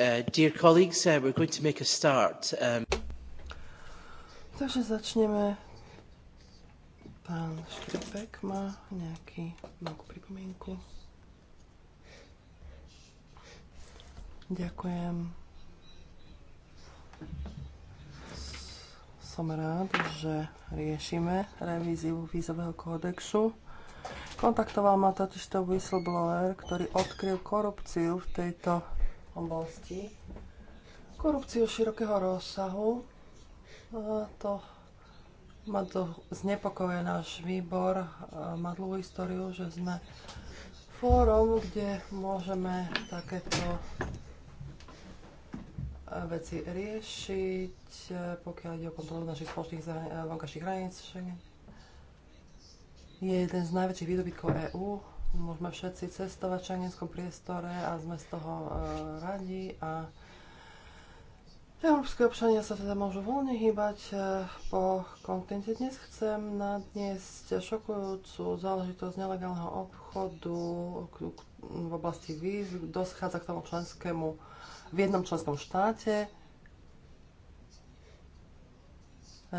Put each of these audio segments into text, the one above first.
Uh, dear colleagues, uh, we're going to make a start. Um... Takže začneme. Pán Štrbek má nejaký, nejakú pripomienku. Ďakujem. Som rád, že riešime revíziu vízového kódexu. Kontaktoval ma totiž to whistleblower, ktorý odkryl korupciu v tejto oblasti. Korupciu širokého rozsahu. A to ma to znepokojuje náš výbor. Má dlhú históriu, že sme fórum, kde môžeme takéto e, veci riešiť, e, pokiaľ ide o kontrolu našich spoločných e, vonkajších hraníc. Je jeden z najväčších výdobytkov EÚ môžeme všetci cestovať v šengenskom priestore a sme z toho e, radi a Európske občania sa teda môžu voľne hýbať e, po kontinente. Dnes chcem nadniesť šokujúcu záležitosť nelegálneho obchodu v oblasti víz. Doschádza k tomu členskému v jednom členskom štáte. E,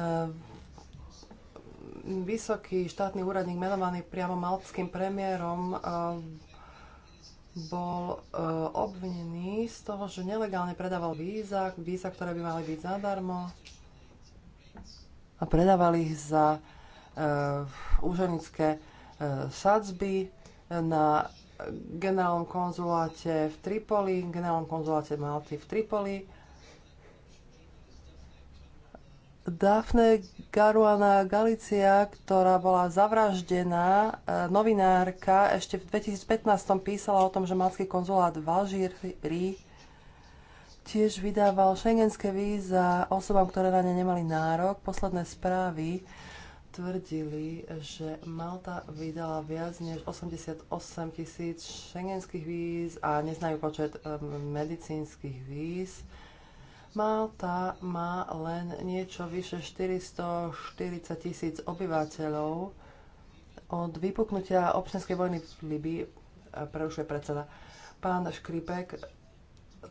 vysoký štátny úradník menovaný priamo maltským premiérom eh, bol eh, obvinený z toho, že nelegálne predával víza, víza, ktoré by mali byť zadarmo a predávali ich za eh, úženické sadzby na generálnom konzuláte v Tripoli, generálnom konzuláte Malty v Tripoli Daphne Garuana Galicia, ktorá bola zavraždená, e, novinárka, ešte v 2015 písala o tom, že malský konzulát v Alžíri tiež vydával šengenské víza osobám, ktoré na ne nemali nárok. Posledné správy tvrdili, že Malta vydala viac než 88 tisíc šengenských víz a neznajú počet e, medicínskych víz. Malta má len niečo vyše 440 tisíc obyvateľov. Od vypuknutia občianskej vojny v Libii e, prerušuje predseda. Pán Škripek,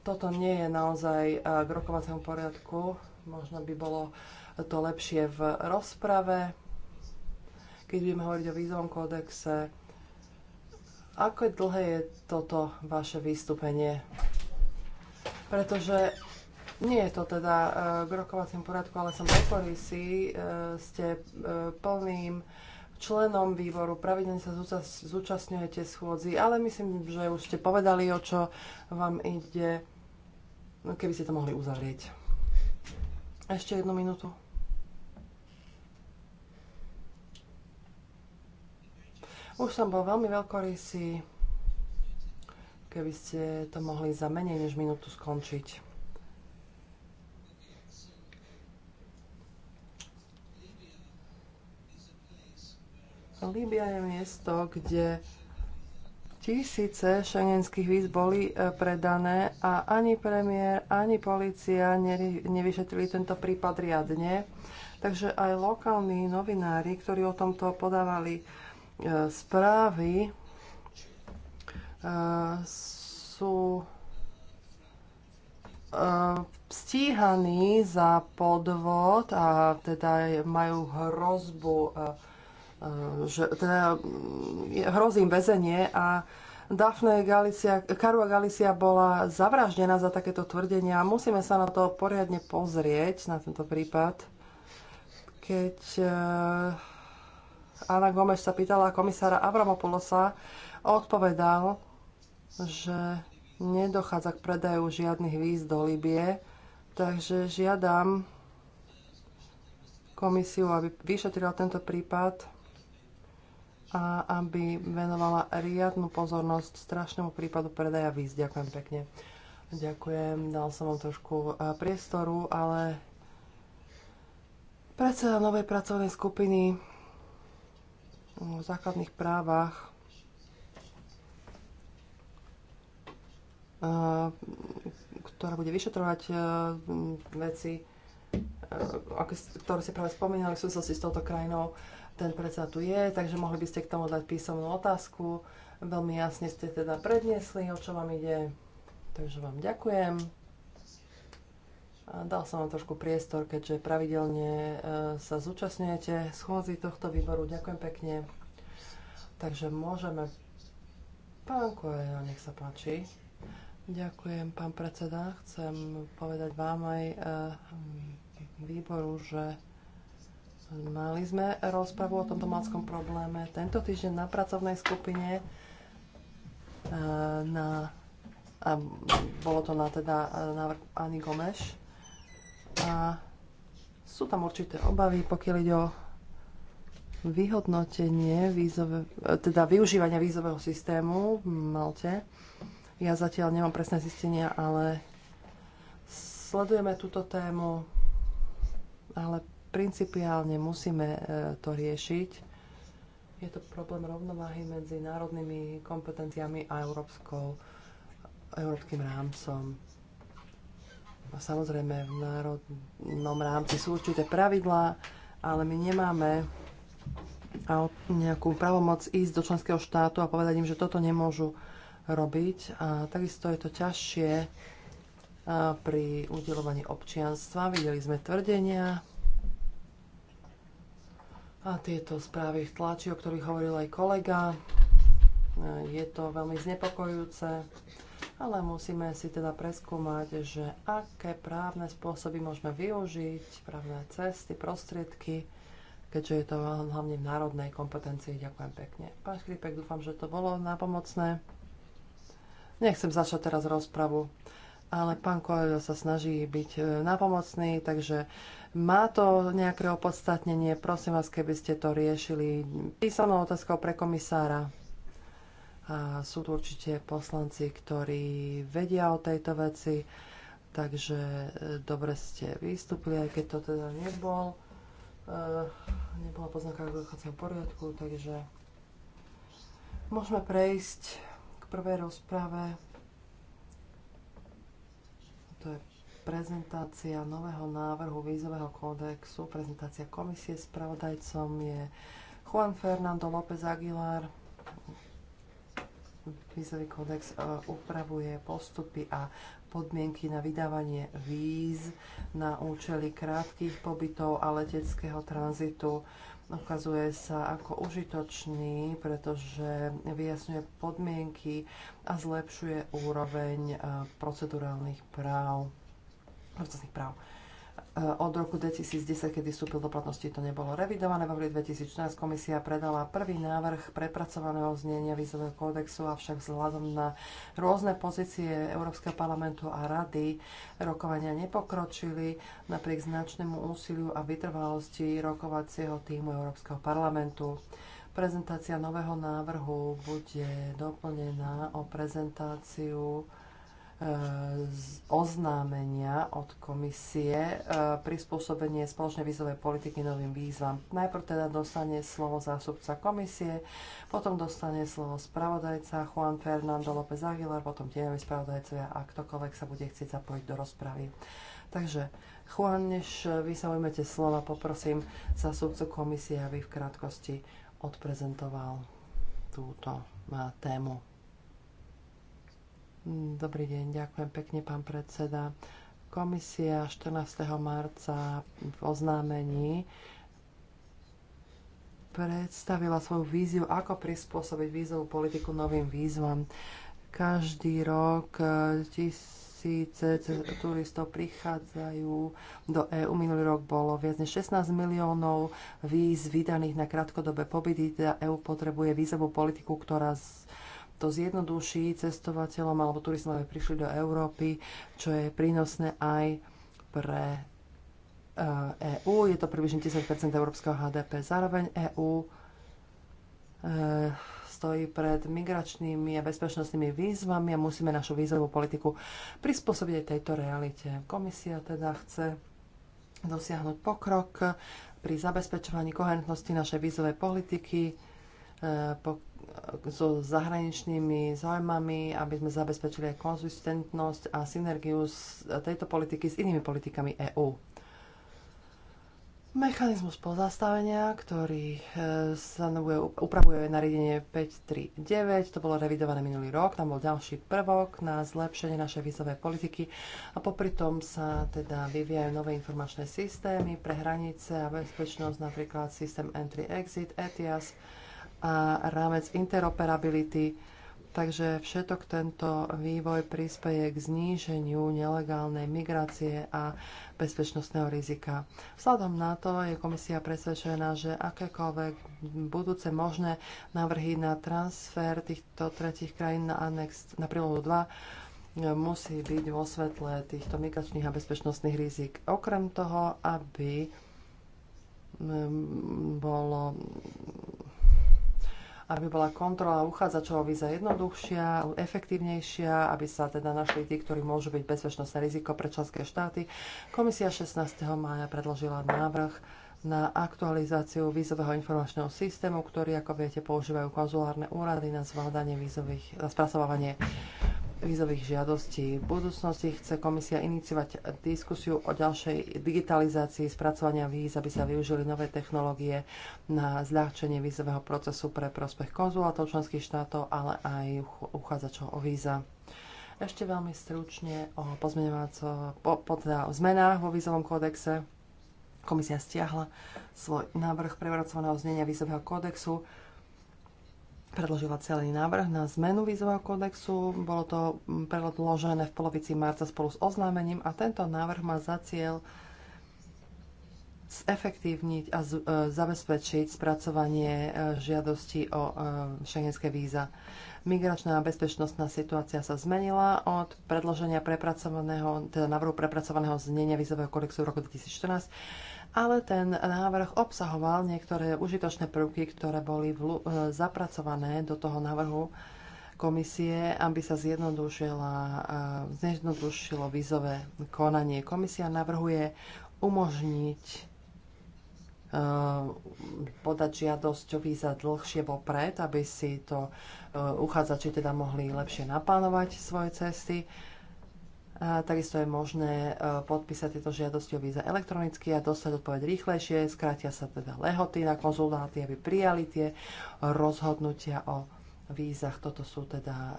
toto nie je naozaj e, k rokovacému poriadku. Možno by bolo to lepšie v rozprave, keď budeme hovoriť o vízovom kódexe. Ako dlhé je toto vaše vystúpenie? Pretože nie je to teda eh, k rokovacím poriadku, ale som pokorí si, eh, ste eh, plným členom výboru, pravidelne sa zúčastňujete schôdzi, ale myslím, že už ste povedali, o čo vám ide, no, keby ste to mohli uzavrieť. Ešte jednu minútu. Už som bol veľmi veľkorysý, keby ste to mohli za menej než minútu skončiť. Líbia je miesto, kde tisíce šengenských víz boli e, predané a ani premiér, ani policia nevyšetrili tento prípad riadne. Takže aj lokálni novinári, ktorí o tomto podávali e, správy, e, sú stíhaní za podvod a teda majú hrozbu Ehm, že teda mm, hrozím väzenie a Daphne Galicia, Karua Galicia bola zavraždená za takéto tvrdenia. a Musíme sa na to poriadne pozrieť, na tento prípad. Keď eh, Anna Gomez sa pýtala komisára Avramopulosa, odpovedal, že nedochádza k predaju žiadnych víz do Libie, takže žiadam komisiu, aby vyšetrila tento prípad a aby venovala riadnu pozornosť strašnému prípadu predaja víz. Ďakujem pekne. Ďakujem, dal som vám trošku e, priestoru, ale predseda novej pracovnej skupiny o základných právach e, ktorá bude vyšetrovať e, veci, ktoré si práve spomínali v súvislosti s touto krajinou, ten predsa tu je, takže mohli by ste k tomu dať písomnú otázku. Veľmi jasne ste teda predniesli, o čo vám ide. Takže vám ďakujem. dal som vám trošku priestor, keďže pravidelne e, sa zúčastňujete schôdzi tohto výboru. Ďakujem pekne. Takže môžeme... Pán Kojo, nech sa páči. Ďakujem, pán predseda. Chcem povedať vám aj e, výboru, že Mali sme rozpravu o tomto malskom probléme tento týždeň na pracovnej skupine. E, na, a bolo to na teda e, návrh Ani Gomeš. A sú tam určité obavy, pokiaľ ide o vyhodnotenie výzove, e, teda využívania vízového systému v Malte. Ja zatiaľ nemám presné zistenia, ale sledujeme túto tému, ale Principiálne musíme e, to riešiť. Je to problém rovnováhy medzi národnými kompetenciami a európskou, európskym rámcom. A samozrejme v národnom rámci sú určité pravidlá, ale my nemáme nejakú pravomoc ísť do členského štátu a povedať im, že toto nemôžu robiť. A takisto je to ťažšie pri udelovaní občianstva. Videli sme tvrdenia a tieto správy v tlači, o ktorých hovoril aj kolega. E, je to veľmi znepokojujúce, ale musíme si teda preskúmať, že aké právne spôsoby môžeme využiť, právne cesty, prostriedky, keďže je to hlavne v národnej kompetencii. Ďakujem pekne. Pán Škripek, dúfam, že to bolo nápomocné. Nechcem začať teraz rozpravu, ale pán Koelho sa snaží byť e, nápomocný, takže má to nejaké opodstatnenie? Prosím vás, keby ste to riešili písanou otázkou pre komisára. A sú tu určite poslanci, ktorí vedia o tejto veci, takže e, dobre ste vystúpili, aj keď to teda nebol. E, nebola poznáka v dochádzam poriadku, takže môžeme prejsť k prvej rozprave. To je prezentácia nového návrhu vízového kódexu, prezentácia komisie spravodajcom je Juan Fernando López Aguilar. Vízový kódex e, upravuje postupy a podmienky na vydávanie víz na účely krátkých pobytov a leteckého tranzitu. Ukazuje sa ako užitočný, pretože vyjasňuje podmienky a zlepšuje úroveň e, procedurálnych práv procesných práv. Eh, od roku 2010, kedy vstúpil do platnosti, to nebolo revidované. V apríli 2014 komisia predala prvý návrh prepracovaného znenia výzového kódexu, avšak vzhľadom na rôzne pozície Európskeho parlamentu a rady rokovania nepokročili napriek značnému úsiliu a vytrvalosti rokovacieho týmu Európskeho parlamentu. Prezentácia nového návrhu bude doplnená o prezentáciu oznámenia od komisie e, prispôsobenie spoločnej vízovej politiky novým výzvam. Najprv teda dostane slovo zástupca komisie, potom dostane slovo spravodajca Juan Fernando López Aguilar, potom tieňoví spravodajcovia a ktokoľvek sa bude chcieť zapojiť do rozpravy. Takže Juan, než vy sa ujmete slova, poprosím zástupcu komisie, aby v krátkosti odprezentoval túto e, tému. Mm, dobrý deň, ďakujem pekne, pán predseda. Komisia 14. marca v oznámení predstavila svoju víziu, ako prispôsobiť vízovú politiku novým výzvam. Každý rok eh, tisíce turistov prichádzajú do EÚ. Minulý rok bolo viac než 16 miliónov víz vydaných na krátkodobé pobyty. Teda EÚ potrebuje vízovú politiku, ktorá to zjednoduší cestovateľom alebo turistom, aby prišli do Európy, čo je prínosné aj pre EÚ. Eh, e je to približne 10 európskeho HDP. Zároveň EÚ eh, stojí pred migračnými a bezpečnostnými výzvami a musíme našu výzovú politiku prispôsobiť aj tejto realite. Komisia teda chce dosiahnuť pokrok pri zabezpečovaní koherentnosti našej vízovej politiky Eh, so zahraničnými zaujímami, aby sme zabezpečili aj konzistentnosť a synergiu z tejto politiky s inými politikami EÚ. Mechanizmus pozastavenia, ktorý eh, stanovuje, upravuje nariadenie 539, to bolo revidované minulý rok, tam bol ďalší prvok na zlepšenie našej vízovej politiky a popri tom sa teda vyvíjajú nové informačné systémy pre hranice a bezpečnosť, napríklad systém Entry-Exit, ETIAS, a rámec interoperability. Takže všetok tento vývoj prispieje k zníženiu nelegálnej migrácie a bezpečnostného rizika. Vzhľadom na to je komisia presvedčená, že akékoľvek budúce možné návrhy na transfer týchto tretich krajín na anex na prílohu 2 e, musí byť vo svetle týchto migračných a bezpečnostných rizik. Okrem toho, aby mm, bolo aby bola kontrola uchádzačov o víza jednoduchšia, efektívnejšia, aby sa teda našli tí, ktorí môžu byť bezpečnostné riziko pre členské štáty. Komisia 16. mája predložila návrh na aktualizáciu vízového informačného systému, ktorý, ako viete, používajú konzulárne úrady na zvládanie vízových, na spracovávanie vízových žiadostí. V budúcnosti chce komisia iniciovať diskusiu o ďalšej digitalizácii spracovania víz, aby sa využili nové technológie na zľahčenie vízového procesu pre prospech konzulátov členských štátov, ale aj uchádzačov o víza. Ešte veľmi stručne o po, po teda o zmenách vo vízovom kódexe. Komisia stiahla svoj návrh prevracovaného znenia vízového kódexu predložila celý návrh na zmenu vízového kódexu. Bolo to mm, predložené v polovici marca spolu s oznámením a tento návrh má za cieľ zefektívniť a e, zabezpečiť spracovanie e, žiadosti o e, šengenské víza. Migračná a bezpečnostná situácia sa zmenila od predloženia prepracovaného, teda návrhu prepracovaného znenia vízového kodexu v roku 2014 ale ten návrh obsahoval niektoré užitočné prvky, ktoré boli e, zapracované do toho návrhu komisie, aby sa e, zjednodušilo vízové konanie. Komisia navrhuje umožniť e, podať žiadosť o víza dlhšie vopred, aby si to uchádzači teda mohli lepšie naplánovať svoje cesty takisto je možné e, podpísať tieto žiadosti o víza elektronicky a dostať odpoveď rýchlejšie. Skrátia sa teda lehoty na konzultáty, aby prijali tie rozhodnutia o vízach. Toto sú teda e,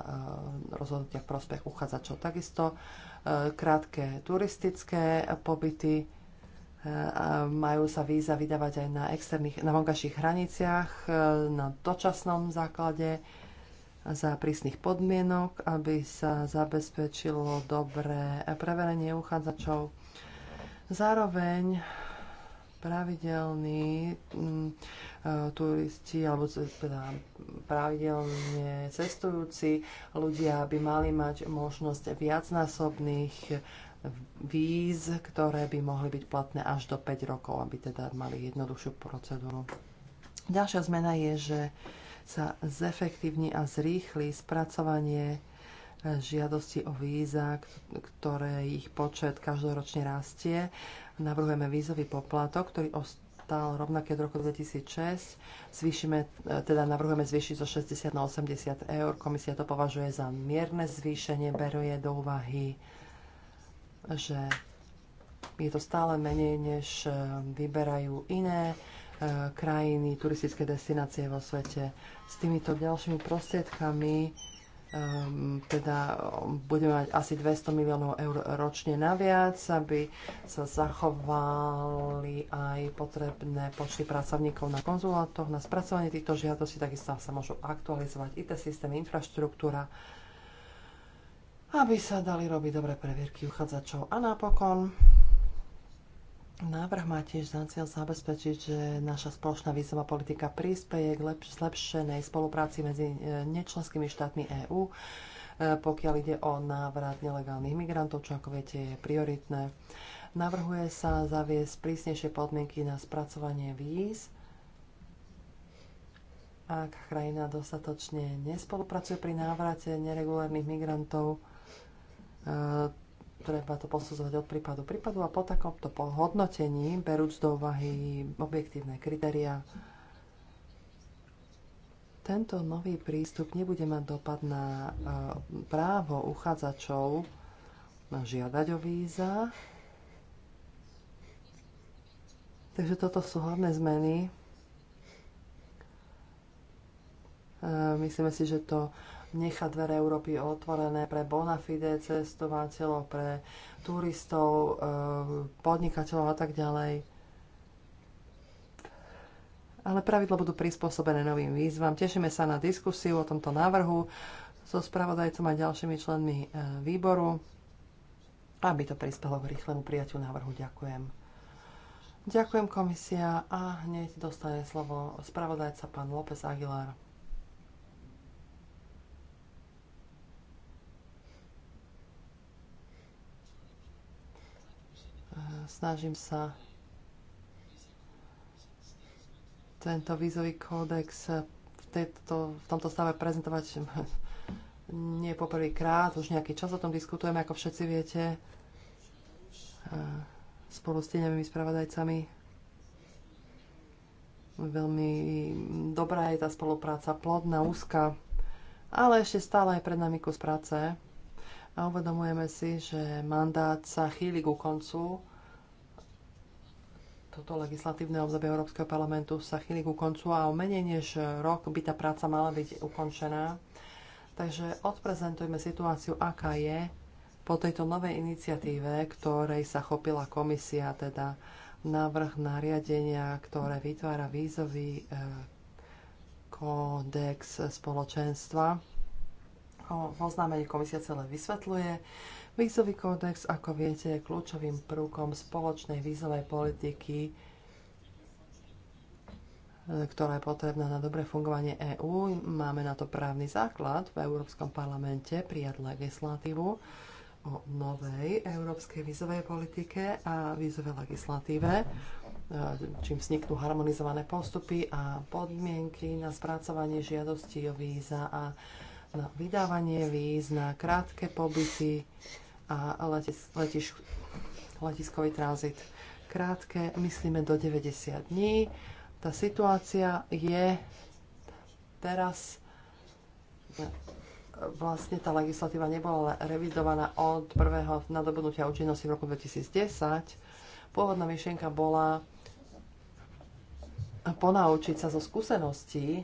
rozhodnutia v prospech uchádzačov. Takisto e, krátke turistické pobyty. Majú sa víza vydávať aj na externých, na vonkajších hraniciach, na dočasnom základe za prísnych podmienok, aby sa zabezpečilo dobré preverenie uchádzačov. Zároveň pravidelní mm, e, turisti alebo teda pravidelne cestujúci ľudia by mali mať možnosť viacnásobných víz, ktoré by mohli byť platné až do 5 rokov, aby teda mali jednoduchšiu procedúru. Ďalšia zmena je, že sa zefektívni a zrýchli spracovanie e, žiadosti o víza, ktoré ich počet každoročne rastie. Navrhujeme vízový poplatok, ktorý ostal rovnaký od roku 2006. Zvýšime, e, teda navrhujeme zvýšiť zo 60 na 80 eur. Komisia to považuje za mierne zvýšenie, beruje do úvahy, že je to stále menej, než e, vyberajú iné E, krajiny, turistické destinácie vo svete. S týmito ďalšími prostriedkami e, teda budeme mať asi 200 miliónov eur ročne naviac, aby sa zachovali aj potrebné počty pracovníkov na konzulátoch, na spracovanie týchto žiadostí, takisto sa môžu aktualizovať IT systémy, infraštruktúra, aby sa dali robiť dobré previerky uchádzačov. A napokon Návrh má tiež za cieľ zabezpečiť, že naša spoločná vízová politika príspeje k zlepšenej spolupráci medzi e, nečlenskými štátmi EÚ, e, pokiaľ ide o návrat nelegálnych migrantov, čo ako viete je prioritné. Navrhuje sa zaviesť prísnejšie podmienky na spracovanie víz, ak krajina dostatočne nespolupracuje pri návrate neregulárnych migrantov, e, treba to posudzovať od prípadu prípadu a po takomto hodnotení, berúc do úvahy objektívne kritéria, tento nový prístup nebude mať dopad na e, právo uchádzačov na žiadať o víza. Takže toto sú hlavné zmeny. E, myslíme si, že to nechá dvere Európy otvorené pre bona fide cestovateľov, pre turistov, eh, podnikateľov a tak ďalej. Ale pravidla budú prispôsobené novým výzvam. Tešíme sa na diskusiu o tomto návrhu so spravodajcom a ďalšími členmi eh, výboru, aby to prispelo k rýchlemu prijatiu návrhu. Ďakujem. Ďakujem komisia a hneď dostane slovo spravodajca pán López Aguilar. Snažím sa tento vízový kódex v, tejto, v tomto stave prezentovať nie poprvýkrát, už nejaký čas o tom diskutujeme, ako všetci viete, spolu s tieňovými spravodajcami. Veľmi dobrá je tá spolupráca, plodná, úzka, ale ešte stále je pred nami kus práce a uvedomujeme si, že mandát sa chýli ku koncu. Toto legislatívne obdobie Európskeho parlamentu sa chýli ku koncu a o menej než rok by tá práca mala byť ukončená. Takže odprezentujme situáciu, aká je po tejto novej iniciatíve, ktorej sa chopila komisia, teda návrh nariadenia, ktoré vytvára vízový eh, kódex spoločenstva v oznámení komisia celé vysvetľuje. Vízový kódex, ako viete, je kľúčovým prvkom spoločnej vízovej politiky, e, ktorá je potrebná na dobré fungovanie EÚ. Máme na to právny základ. V Európskom parlamente prijať legislatívu o novej európskej vízovej politike a vízovej legislatíve e, čím vzniknú harmonizované postupy a podmienky na spracovanie žiadosti o víza a na vydávanie víz, na krátke pobyty a letis, letiš, letiskový tranzit. Krátke, myslíme do 90 dní. Tá situácia je teraz vlastne tá legislatíva nebola revidovaná od prvého nadobudnutia účinnosti v roku 2010. Pôvodná myšlienka bola ponaučiť sa zo skúseností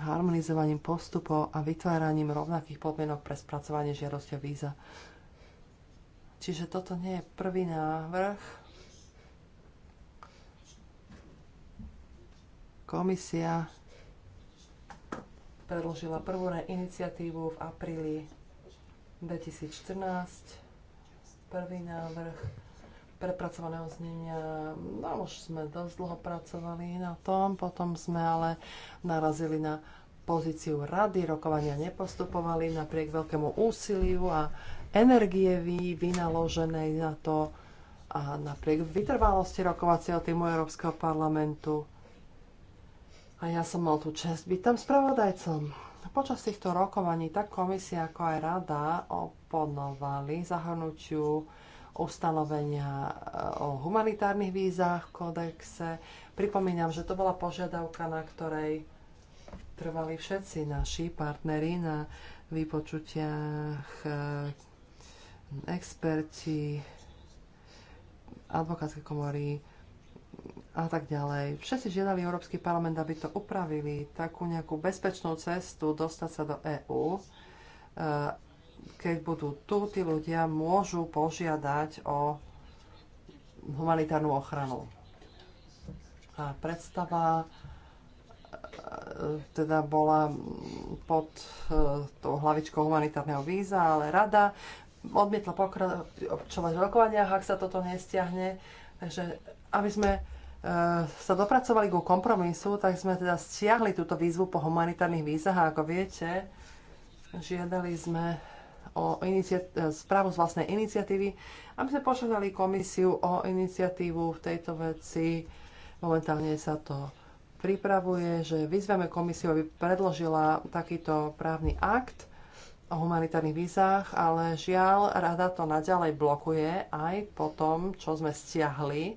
harmonizovaním postupov a vytváraním rovnakých podmienok pre spracovanie žiadosti o víza. Čiže toto nie je prvý návrh. Komisia predložila prvú iniciatívu v apríli 2014. Prvý návrh prepracovaného znenia. No už sme dosť dlho pracovali na tom, potom sme ale narazili na pozíciu rady, rokovania nepostupovali napriek veľkému úsiliu a energie vy, vynaloženej na to a napriek vytrvalosti rokovacieho týmu Európskeho parlamentu. A ja som mal tú čest byť tam spravodajcom. Počas týchto rokovaní tak komisia ako aj rada oponovali zahrnutiu ustanovenia eh, o humanitárnych vízach v kódexe. Pripomínam, že to bola požiadavka, na ktorej trvali všetci naši partneri na vypočutiach, eh, experti, advokátske komory a tak ďalej. Všetci žiadali Európsky parlament, aby to upravili takú nejakú bezpečnú cestu dostať sa do EÚ keď budú tu, tí ľudia môžu požiadať o humanitárnu ochranu. A predstava e, e, teda bola pod e, tou hlavičkou humanitárneho víza, ale rada odmietla pokračovať v rokovaniach, ak sa toto nestiahne. Takže aby sme sa dopracovali ku kompromisu, tak sme teda stiahli túto výzvu po humanitárnych vízach a ako viete, žiadali sme o e, správu z vlastnej iniciatívy, aby sme požiadali komisiu o iniciatívu v tejto veci. Momentálne sa to pripravuje, že vyzveme komisiu, aby predložila takýto právny akt o humanitárnych vízach, ale žiaľ, rada to naďalej blokuje aj po tom, čo sme stiahli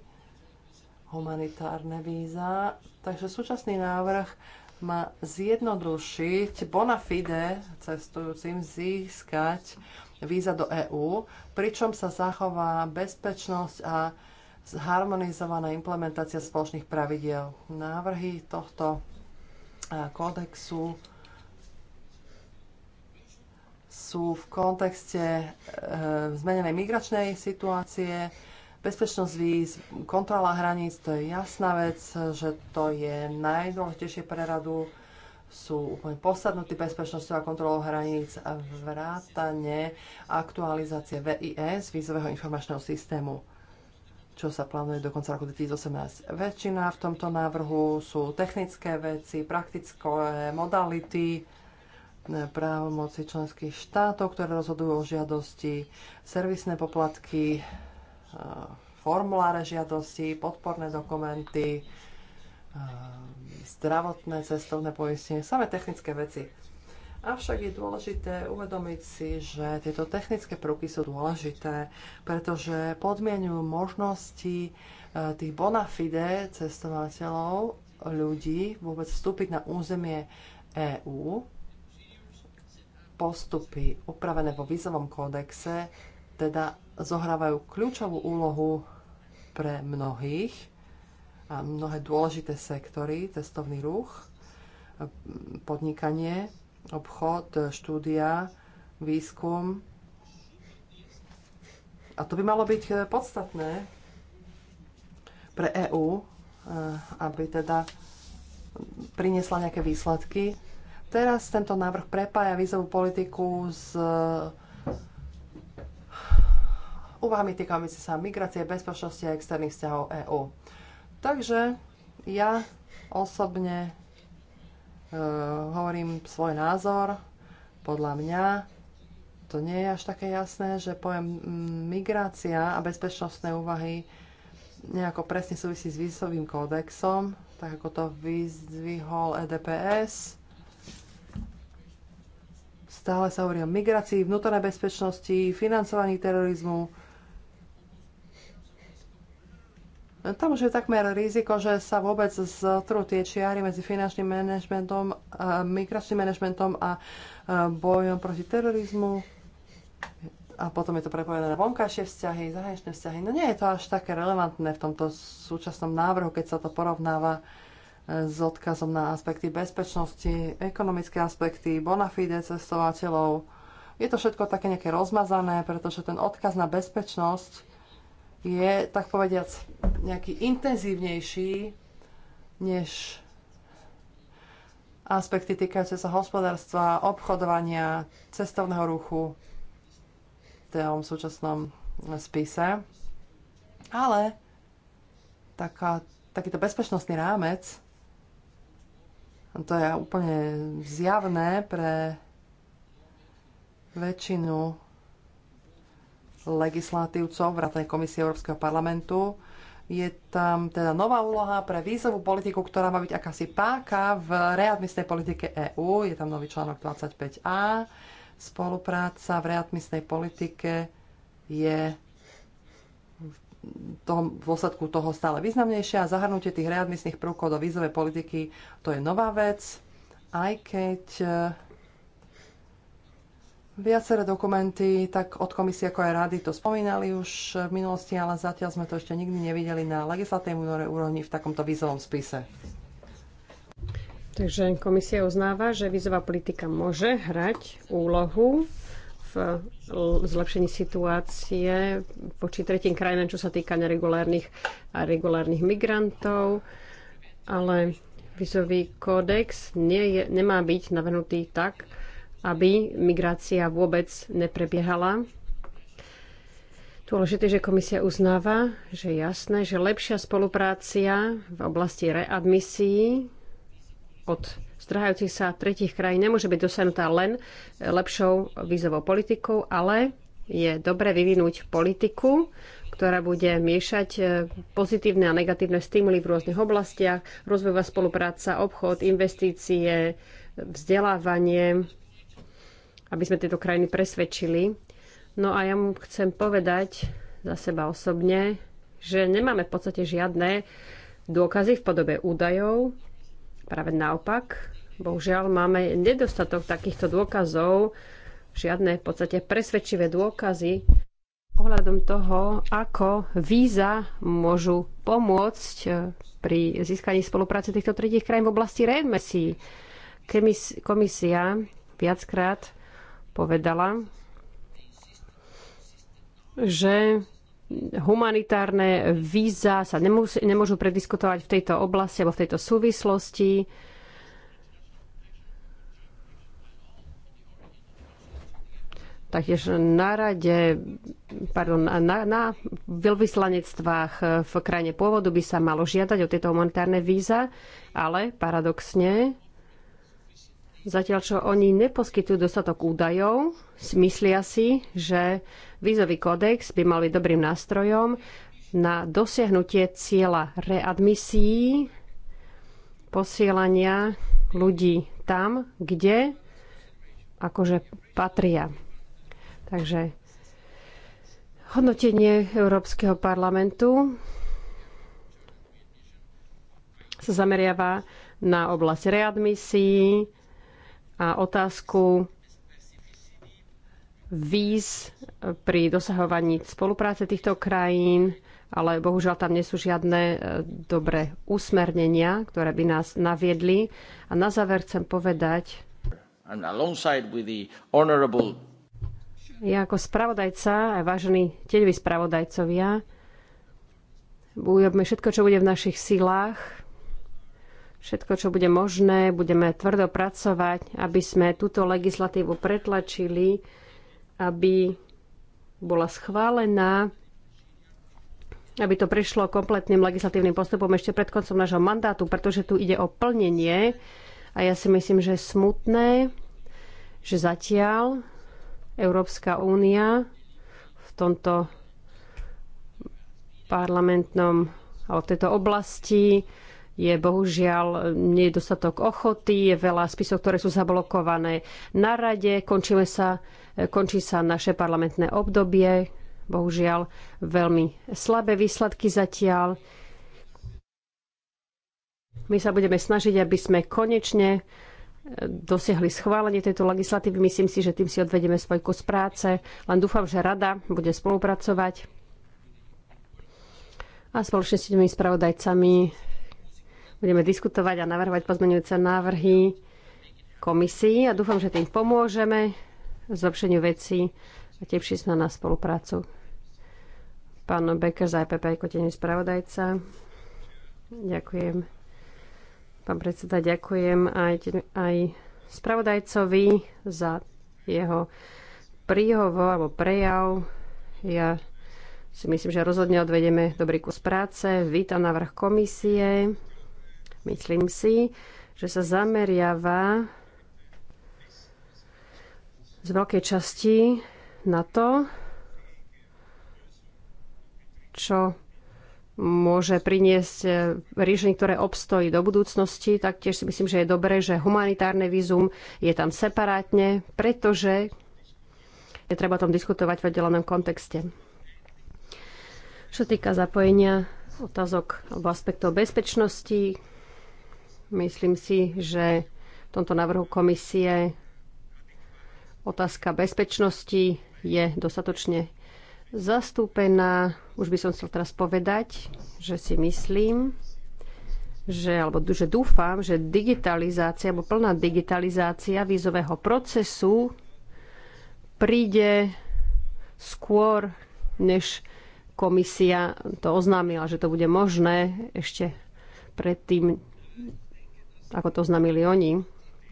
humanitárne víza. Takže súčasný návrh má zjednodušiť bona fide cestujúcim získať víza do EÚ, pričom sa zachová bezpečnosť a zharmonizovaná implementácia spoločných pravidiel. Návrhy tohto eh, kódexu sú v kontexte e, zmenenej migračnej situácie, Bezpečnosť víz, kontrola hraníc, to je jasná vec, že to je najdôležitejšie pre radu. Sú úplne posadnutí bezpečnosťou a kontrolou hraníc a vrátane aktualizácie VIS, vízového informačného systému čo sa plánuje do konca roku 2018. Väčšina v tomto návrhu sú technické veci, praktické modality, právomoci členských štátov, ktoré rozhodujú o žiadosti, servisné poplatky, Eh, formuláre žiadosti, podporné dokumenty, eh, zdravotné cestovné poistenie, samé technické veci. Avšak je dôležité uvedomiť si, že tieto technické prvky sú dôležité, pretože podmienujú možnosti eh, tých bona fide cestovateľov, ľudí vôbec vstúpiť na územie EÚ. Postupy upravené vo vízovom kódexe teda zohrávajú kľúčovú úlohu pre mnohých a mnohé dôležité sektory, cestovný ruch, podnikanie, obchod, štúdia, výskum. A to by malo byť eh, podstatné pre EÚ, eh, aby teda priniesla nejaké výsledky. Teraz tento návrh prepája vízovú politiku s úvahami týkajúci sa migrácie, bezpečnosti a externých vzťahov EÚ. Takže ja osobne e, hovorím svoj názor. Podľa mňa to nie je až také jasné, že pojem migrácia a bezpečnostné úvahy nejako presne súvisí s výzovým kódexom, tak ako to vyzvihol EDPS. Stále sa hovorí o migrácii, vnútornej bezpečnosti, financovaní terorizmu, tam už je takmer riziko, že sa vôbec zotrú tie čiary medzi finančným manažmentom, a migračným manažmentom a bojom proti terorizmu. A potom je to prepojené na vonkajšie vzťahy, zahraničné vzťahy. No nie je to až také relevantné v tomto súčasnom návrhu, keď sa to porovnáva e, s odkazom na aspekty bezpečnosti, ekonomické aspekty, bona fide cestovateľov. Je to všetko také nejaké rozmazané, pretože ten odkaz na bezpečnosť je, tak povediac, nejaký intenzívnejší než aspekty týkajúce sa hospodárstva, obchodovania, cestovného ruchu v tom súčasnom spise. Ale taká, takýto bezpečnostný rámec, to je úplne zjavné pre väčšinu legislatívcov, vrátane Komisie Európskeho parlamentu. Je tam teda nová úloha pre výzovú politiku, ktorá má byť akási páka v readmisnej politike EÚ. Je tam nový článok 25a. Spolupráca v readmisnej politike je v v dôsledku toho stále významnejšia a zahrnutie tých readmisných prvkov do výzovej politiky to je nová vec, aj keď Viaceré dokumenty, tak od komisie ako aj rady to spomínali už v minulosti, ale zatiaľ sme to ešte nikdy nevideli na legislatívnej úrovni v takomto výzovom spise. Takže komisia uznáva, že vízová politika môže hrať úlohu v zlepšení situácie voči tretím krajinám, čo sa týka neregulárnych a regulárnych migrantov, ale vízový kódex nie je, nemá byť navrhnutý tak, aby migrácia vôbec neprebiehala. Dôležité, že komisia uznáva, že je jasné, že lepšia spoluprácia v oblasti readmisií od strhajúcich sa tretich krajín nemôže byť dosiahnutá len lepšou vízovou politikou, ale je dobre vyvinúť politiku, ktorá bude miešať e, pozitívne a negatívne stimuly v rôznych oblastiach, rozvojová spolupráca, obchod, investície, vzdelávanie, aby sme tieto krajiny presvedčili. No a ja mu chcem povedať za seba osobne, že nemáme v podstate žiadne dôkazy v podobe údajov. Práve naopak, bohužiaľ máme nedostatok takýchto dôkazov, žiadne v podstate presvedčivé dôkazy ohľadom toho, ako víza môžu pomôcť eh, pri získaní spolupráce týchto tretich krajín v oblasti readmesí. Komisia viackrát povedala, že humanitárne víza sa nemus- nemôžu prediskutovať v tejto oblasti alebo v tejto súvislosti. Taktiež na rade, pardon, na, na veľvyslanectvách v krajine pôvodu by sa malo žiadať o tieto humanitárne víza, ale paradoxne Zatiaľ, čo oni neposkytujú dostatok údajov, smyslia si, že vízový kódex by mal byť dobrým nástrojom na dosiahnutie cieľa readmisií, posielania ľudí tam, kde akože patria. Takže hodnotenie Európskeho parlamentu sa zameriava na oblasť readmisí a otázku víz pri dosahovaní spolupráce týchto krajín, ale bohužiaľ tam nie sú žiadne e, dobré úsmernenia, ktoré by nás naviedli. A na záver chcem povedať, ja ako spravodajca, aj vážení tieňoví spravodajcovia, budeme všetko, čo bude v našich silách, všetko, čo bude možné. Budeme tvrdo pracovať, aby sme túto legislatívu pretlačili, aby bola schválená, aby to prešlo kompletným legislatívnym postupom ešte pred koncom nášho mandátu, pretože tu ide o plnenie a ja si myslím, že je smutné, že zatiaľ Európska únia v tomto parlamentnom alebo v tejto oblasti je bohužiaľ nedostatok ochoty, je veľa spisov, ktoré sú zablokované na rade, končíme sa, končí sa naše parlamentné obdobie, bohužiaľ veľmi slabé výsledky zatiaľ. My sa budeme snažiť, aby sme konečne e, dosiahli schválenie tejto legislatívy. Myslím si, že tým si odvedieme svoj kus práce. Len dúfam, že rada bude spolupracovať a spoločne s tými spravodajcami Budeme diskutovať a navrhovať pozmeňujúce návrhy komisii a dúfam, že tým pomôžeme zlepšeniu vecí a teším sa na spoluprácu. Pán Becker za EPP ako tený spravodajca. Ďakujem. Pán predseda, ďakujem aj, aj spravodajcovi za jeho príhovo alebo prejav. Ja si myslím, že rozhodne odvedeme dobrý kus práce. Vítam návrh komisie. Myslím si, že sa zameriava z veľkej časti na to, čo môže priniesť eh, riešenie, ktoré obstojí do budúcnosti, tak tiež si myslím, že je dobré, že humanitárne vízum je tam separátne, pretože je treba o tom diskutovať v oddelenom kontexte. Čo týka zapojenia otázok alebo aspektov bezpečnosti, Myslím si, že v tomto návrhu komisie otázka bezpečnosti je dostatočne zastúpená. Už by som chcel teraz povedať, že si myslím, že, alebo že dúfam, že digitalizácia, alebo plná digitalizácia vízového procesu príde skôr, než komisia to oznámila, že to bude možné ešte predtým, ako to oznámili oni.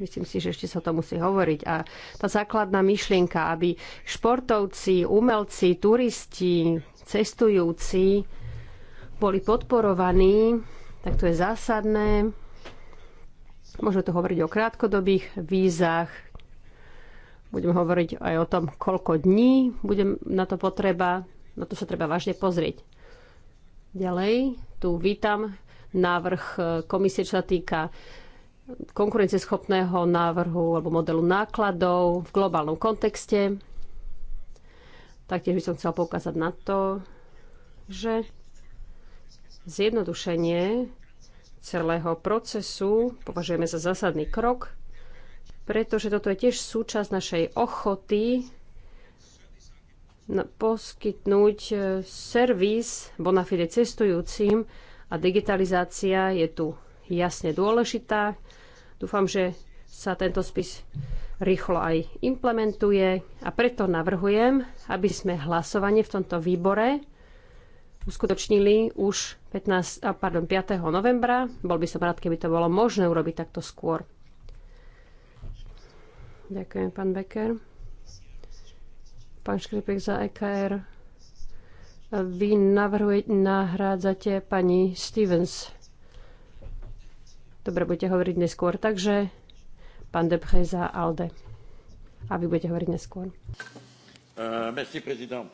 Myslím si, že ešte sa to musí hovoriť. A tá základná myšlienka, aby športovci, umelci, turisti, cestujúci boli podporovaní, tak to je zásadné. Môžeme to hovoriť o krátkodobých vízach, budem hovoriť aj o tom, koľko dní budem na to potreba. Na to sa treba vážne pozrieť. Ďalej, tu vítam návrh komisie, čo sa týka konkurencieschopného návrhu alebo modelu nákladov v globálnom kontexte. Taktiež by som chcela poukázať na to, že zjednodušenie celého procesu považujeme za zásadný krok, pretože toto je tiež súčasť našej ochoty poskytnúť e, servis bona fide cestujúcim a digitalizácia je tu jasne dôležitá. Dúfam, že sa tento spis rýchlo aj implementuje a preto navrhujem, aby sme hlasovanie v tomto výbore uskutočnili už 15, pardon, 5. novembra. Bol by som rád, keby to bolo možné urobiť takto skôr. Ďakujem, pán Becker. Pán Škripek za EKR. Vy navrhujete, nahrádzate pani Stevens. Dobre, budete hovoriť neskôr. Takže pán Depre za Alde. A vy budete hovoriť neskôr. Uh, merci, prezident.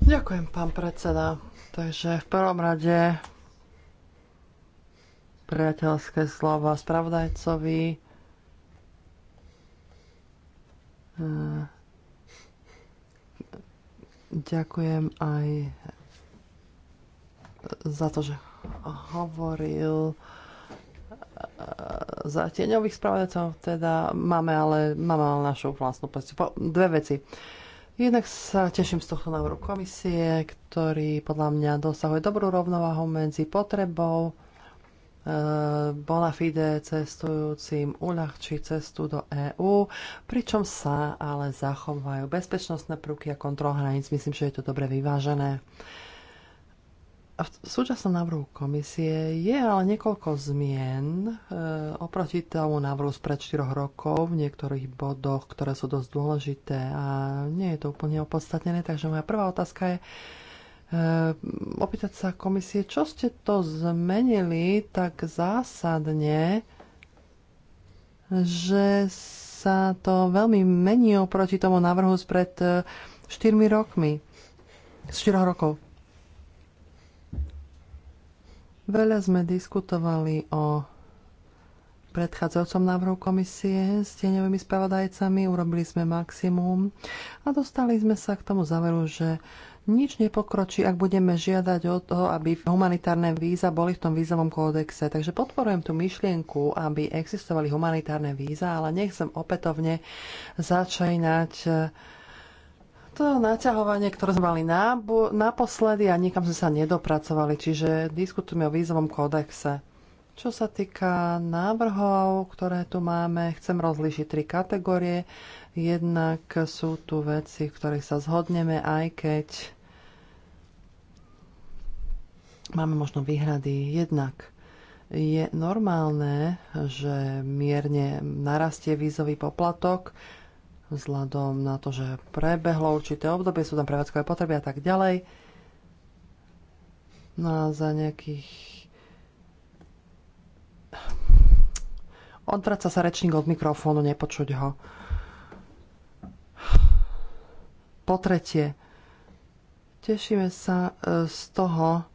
Ďakujem, pán predseda. Takže v prvom rade priateľské slova spravodajcovi. Uh, ďakujem aj za to, že hovoril e, za tieňových spravodajcov, teda máme ale, máme ale našu vlastnú pozíciu. Dve veci. Jednak sa teším z tohto návrhu komisie, ktorý podľa mňa dosahuje dobrú rovnováhu medzi potrebou e, bona fide cestujúcim uľahčí cestu do EÚ, pričom sa ale zachovajú bezpečnostné prvky a kontrol hraníc. Myslím, že je to dobre vyvážené v súčasnom návrhu komisie je ale niekoľko zmien e, oproti tomu návrhu z pred 4 rokov v niektorých bodoch, ktoré sú dosť dôležité a nie je to úplne opodstatnené. Takže moja prvá otázka je e, opýtať sa komisie, čo ste to zmenili tak zásadne, že sa to veľmi mení oproti tomu návrhu spred 4 e, rokmi. Z 4 rokov Veľa sme diskutovali o predchádzajúcom návrhu komisie s tieňovými spravodajcami, urobili sme maximum a dostali sme sa k tomu záveru, že nič nepokročí, ak budeme žiadať o to, aby humanitárne víza boli v tom vízovom kódexe. Takže podporujem tú myšlienku, aby existovali humanitárne víza, ale nechcem opätovne začínať to naťahovanie, ktoré sme mali naposledy a nikam sme sa nedopracovali, čiže diskutujeme o výzovom kódexe. Čo sa týka návrhov, ktoré tu máme, chcem rozlíšiť tri kategórie. Jednak sú tu veci, v ktorých sa zhodneme, aj keď máme možno výhrady. Jednak je normálne, že mierne narastie vízový poplatok, vzhľadom na to, že prebehlo určité obdobie, sú tam prevádzkové potreby a tak ďalej. No a za nejakých... Odvraca sa rečník od mikrofónu, nepočuť ho. Po tretie, tešíme sa e, z toho,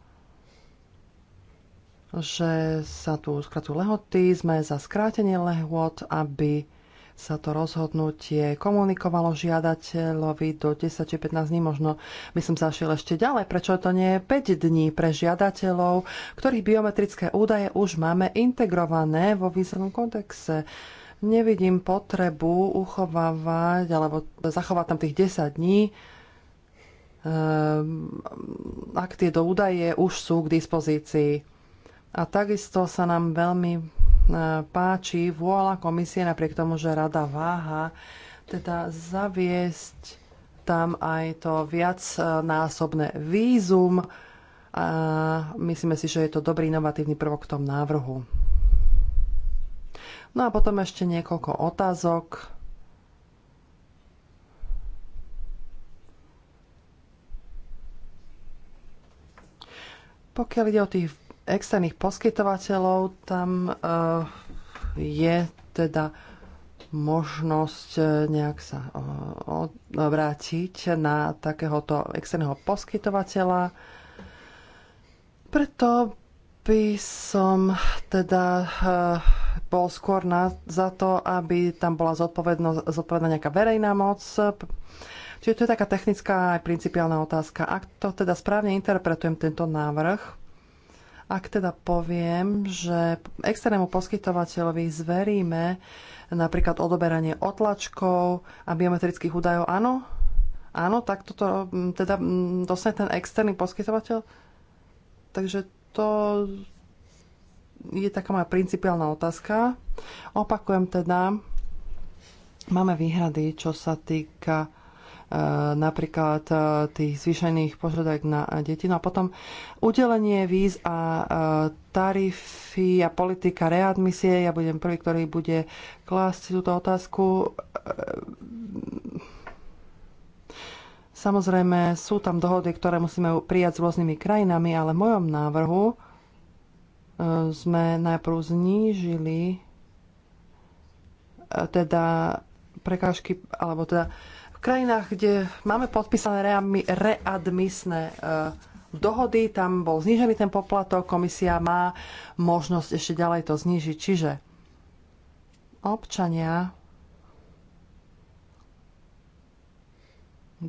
že sa tu skracujú lehoty, sme za skrátenie lehôd, aby sa to rozhodnutie komunikovalo žiadateľovi do 10 či 15 dní, možno by som zašiel ešte ďalej. Prečo to nie je 5 dní pre žiadateľov, ktorých biometrické údaje už máme integrované vo výzovnom kontexte? Nevidím potrebu uchovávať alebo zachovať tam tých 10 dní, ehm, ak tie údaje už sú k dispozícii. A takisto sa nám veľmi E, páči vôľa komisie, napriek tomu, že rada váha, teda zaviesť tam aj to viacnásobné vízum a e, myslíme si, že je to dobrý inovatívny prvok v tom návrhu. No a potom ešte niekoľko otázok. Pokiaľ ide o tých externých poskytovateľov, tam eh, je teda možnosť eh, nejak sa eh, obrátiť na takéhoto externého poskytovateľa. Preto by som teda bol skôr na, za to, aby tam bola zodpovedná nejaká verejná moc. Čiže to je taká technická aj principiálna otázka. Ak to teda správne interpretujem tento návrh, ak teda poviem, že externému poskytovateľovi zveríme napríklad odoberanie otlačkov a biometrických údajov, áno? Áno, tak toto mm, teda mm, dostane ten externý poskytovateľ? Takže to je taká moja principiálna otázka. Opakujem teda, máme výhrady, čo sa týka Eh, napríklad eh, tých zvýšených požiadaviek na deti. No a potom udelenie víz a eh, tarify a politika readmisie. Ja budem prvý, ktorý bude klásť túto otázku. Samozrejme, sú tam dohody, ktoré musíme prijať s rôznymi krajinami, ale v mojom návrhu sme najprv znížili teda prekážky, alebo teda uh, krajinách, kde máme podpísané readmisné e, dohody, tam bol znížený ten poplatok, komisia má možnosť ešte ďalej to znížiť. Čiže občania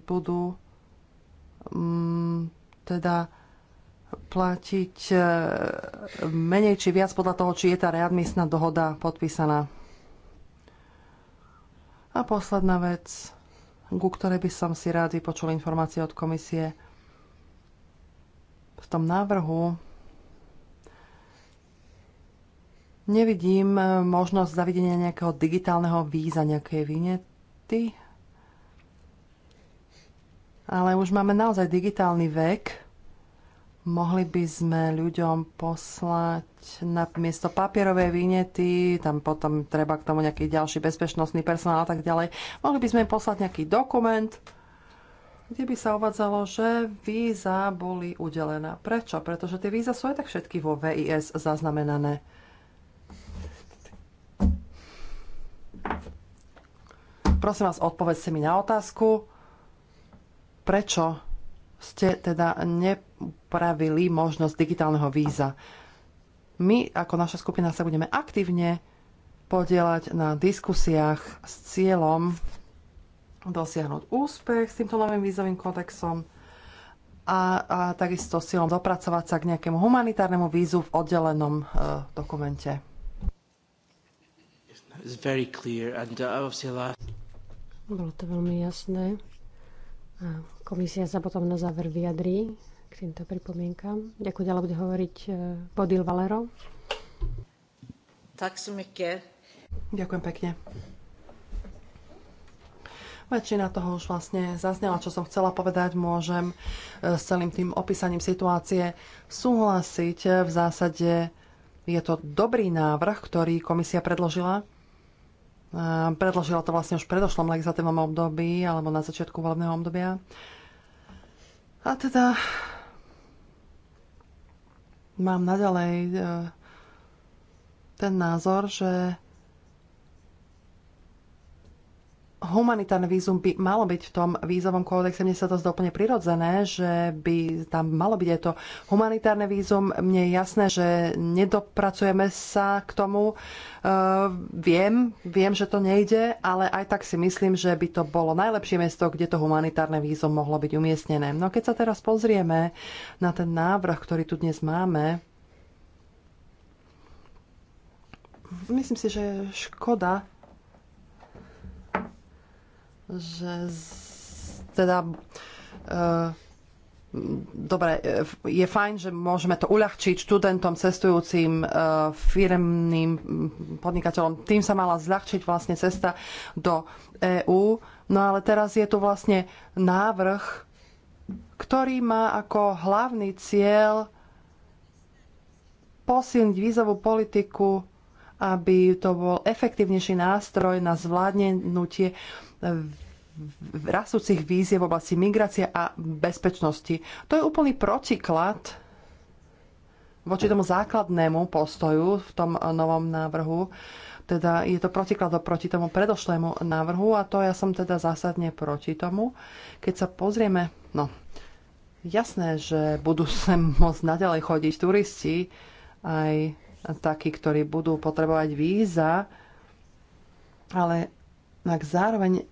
budú mm, teda platiť e, menej či viac podľa toho, či je tá readmisná dohoda podpísaná. A posledná vec ku ktorej by som si rád vypočul informácie od komisie. V tom návrhu nevidím eh, možnosť zavedenia nejakého digitálneho víza, nejakej vinety, ale už máme naozaj digitálny vek Mohli by sme ľuďom poslať na miesto papierovej vinety, tam potom treba k tomu nejaký ďalší bezpečnostný personál a tak ďalej. Mohli by sme im poslať nejaký dokument, kde by sa uvádzalo, že víza boli udelená. Prečo? Pretože tie víza sú aj tak všetky vo VIS zaznamenané. Prosím vás, odpovedzte mi na otázku. Prečo ste teda nepravili možnosť digitálneho víza. My ako naša skupina sa budeme aktívne podielať na diskusiách s cieľom dosiahnuť úspech s týmto novým vízovým kodexom a, a takisto s cieľom dopracovať sa k nejakému humanitárnemu vízu v oddelenom e, dokumente. Uh, Bolo to veľmi jasné. A Komisia sa potom na záver vyjadrí k týmto pripomienkam. Ďakujem, ďalej bude hovoriť e, Bodil Valero. Tak Ďakujem pekne. Väčšina toho už vlastne zaznela, čo som chcela povedať. Môžem e, s celým tým opísaním situácie súhlasiť. V zásade je to dobrý návrh, ktorý komisia predložila. E, predložila to vlastne už v predošlom legislatívnom období alebo na začiatku volebného obdobia. A teda mám naďalej e, ten názor, že humanitárne vízum by malo byť v tom vízovom kódexe. Mne sa to zdopne prirodzené, že by tam malo byť aj to humanitárne vízum. Mne je jasné, že nedopracujeme sa k tomu. Uh, viem, viem, že to nejde, ale aj tak si myslím, že by to bolo najlepšie miesto, kde to humanitárne vízum mohlo byť umiestnené. No keď sa teraz pozrieme na ten návrh, ktorý tu dnes máme, myslím si, že škoda, že z, teda e, Dobre, e, je fajn, že môžeme to uľahčiť študentom, cestujúcim, e, firmným podnikateľom. Tým sa mala zľahčiť vlastne cesta do EÚ. No ale teraz je tu vlastne návrh, ktorý má ako hlavný cieľ posilniť vízovú politiku, aby to bol efektívnejší nástroj na zvládnutie rastúcich vízie v oblasti migrácie a bezpečnosti. To je úplný protiklad voči tomu základnému postoju v tom novom návrhu. Teda je to protiklad proti tomu predošlému návrhu a to ja som teda zásadne proti tomu. Keď sa pozrieme, no jasné, že budú sem môcť naďalej chodiť turisti, aj takí, ktorí budú potrebovať víza, ale ak zároveň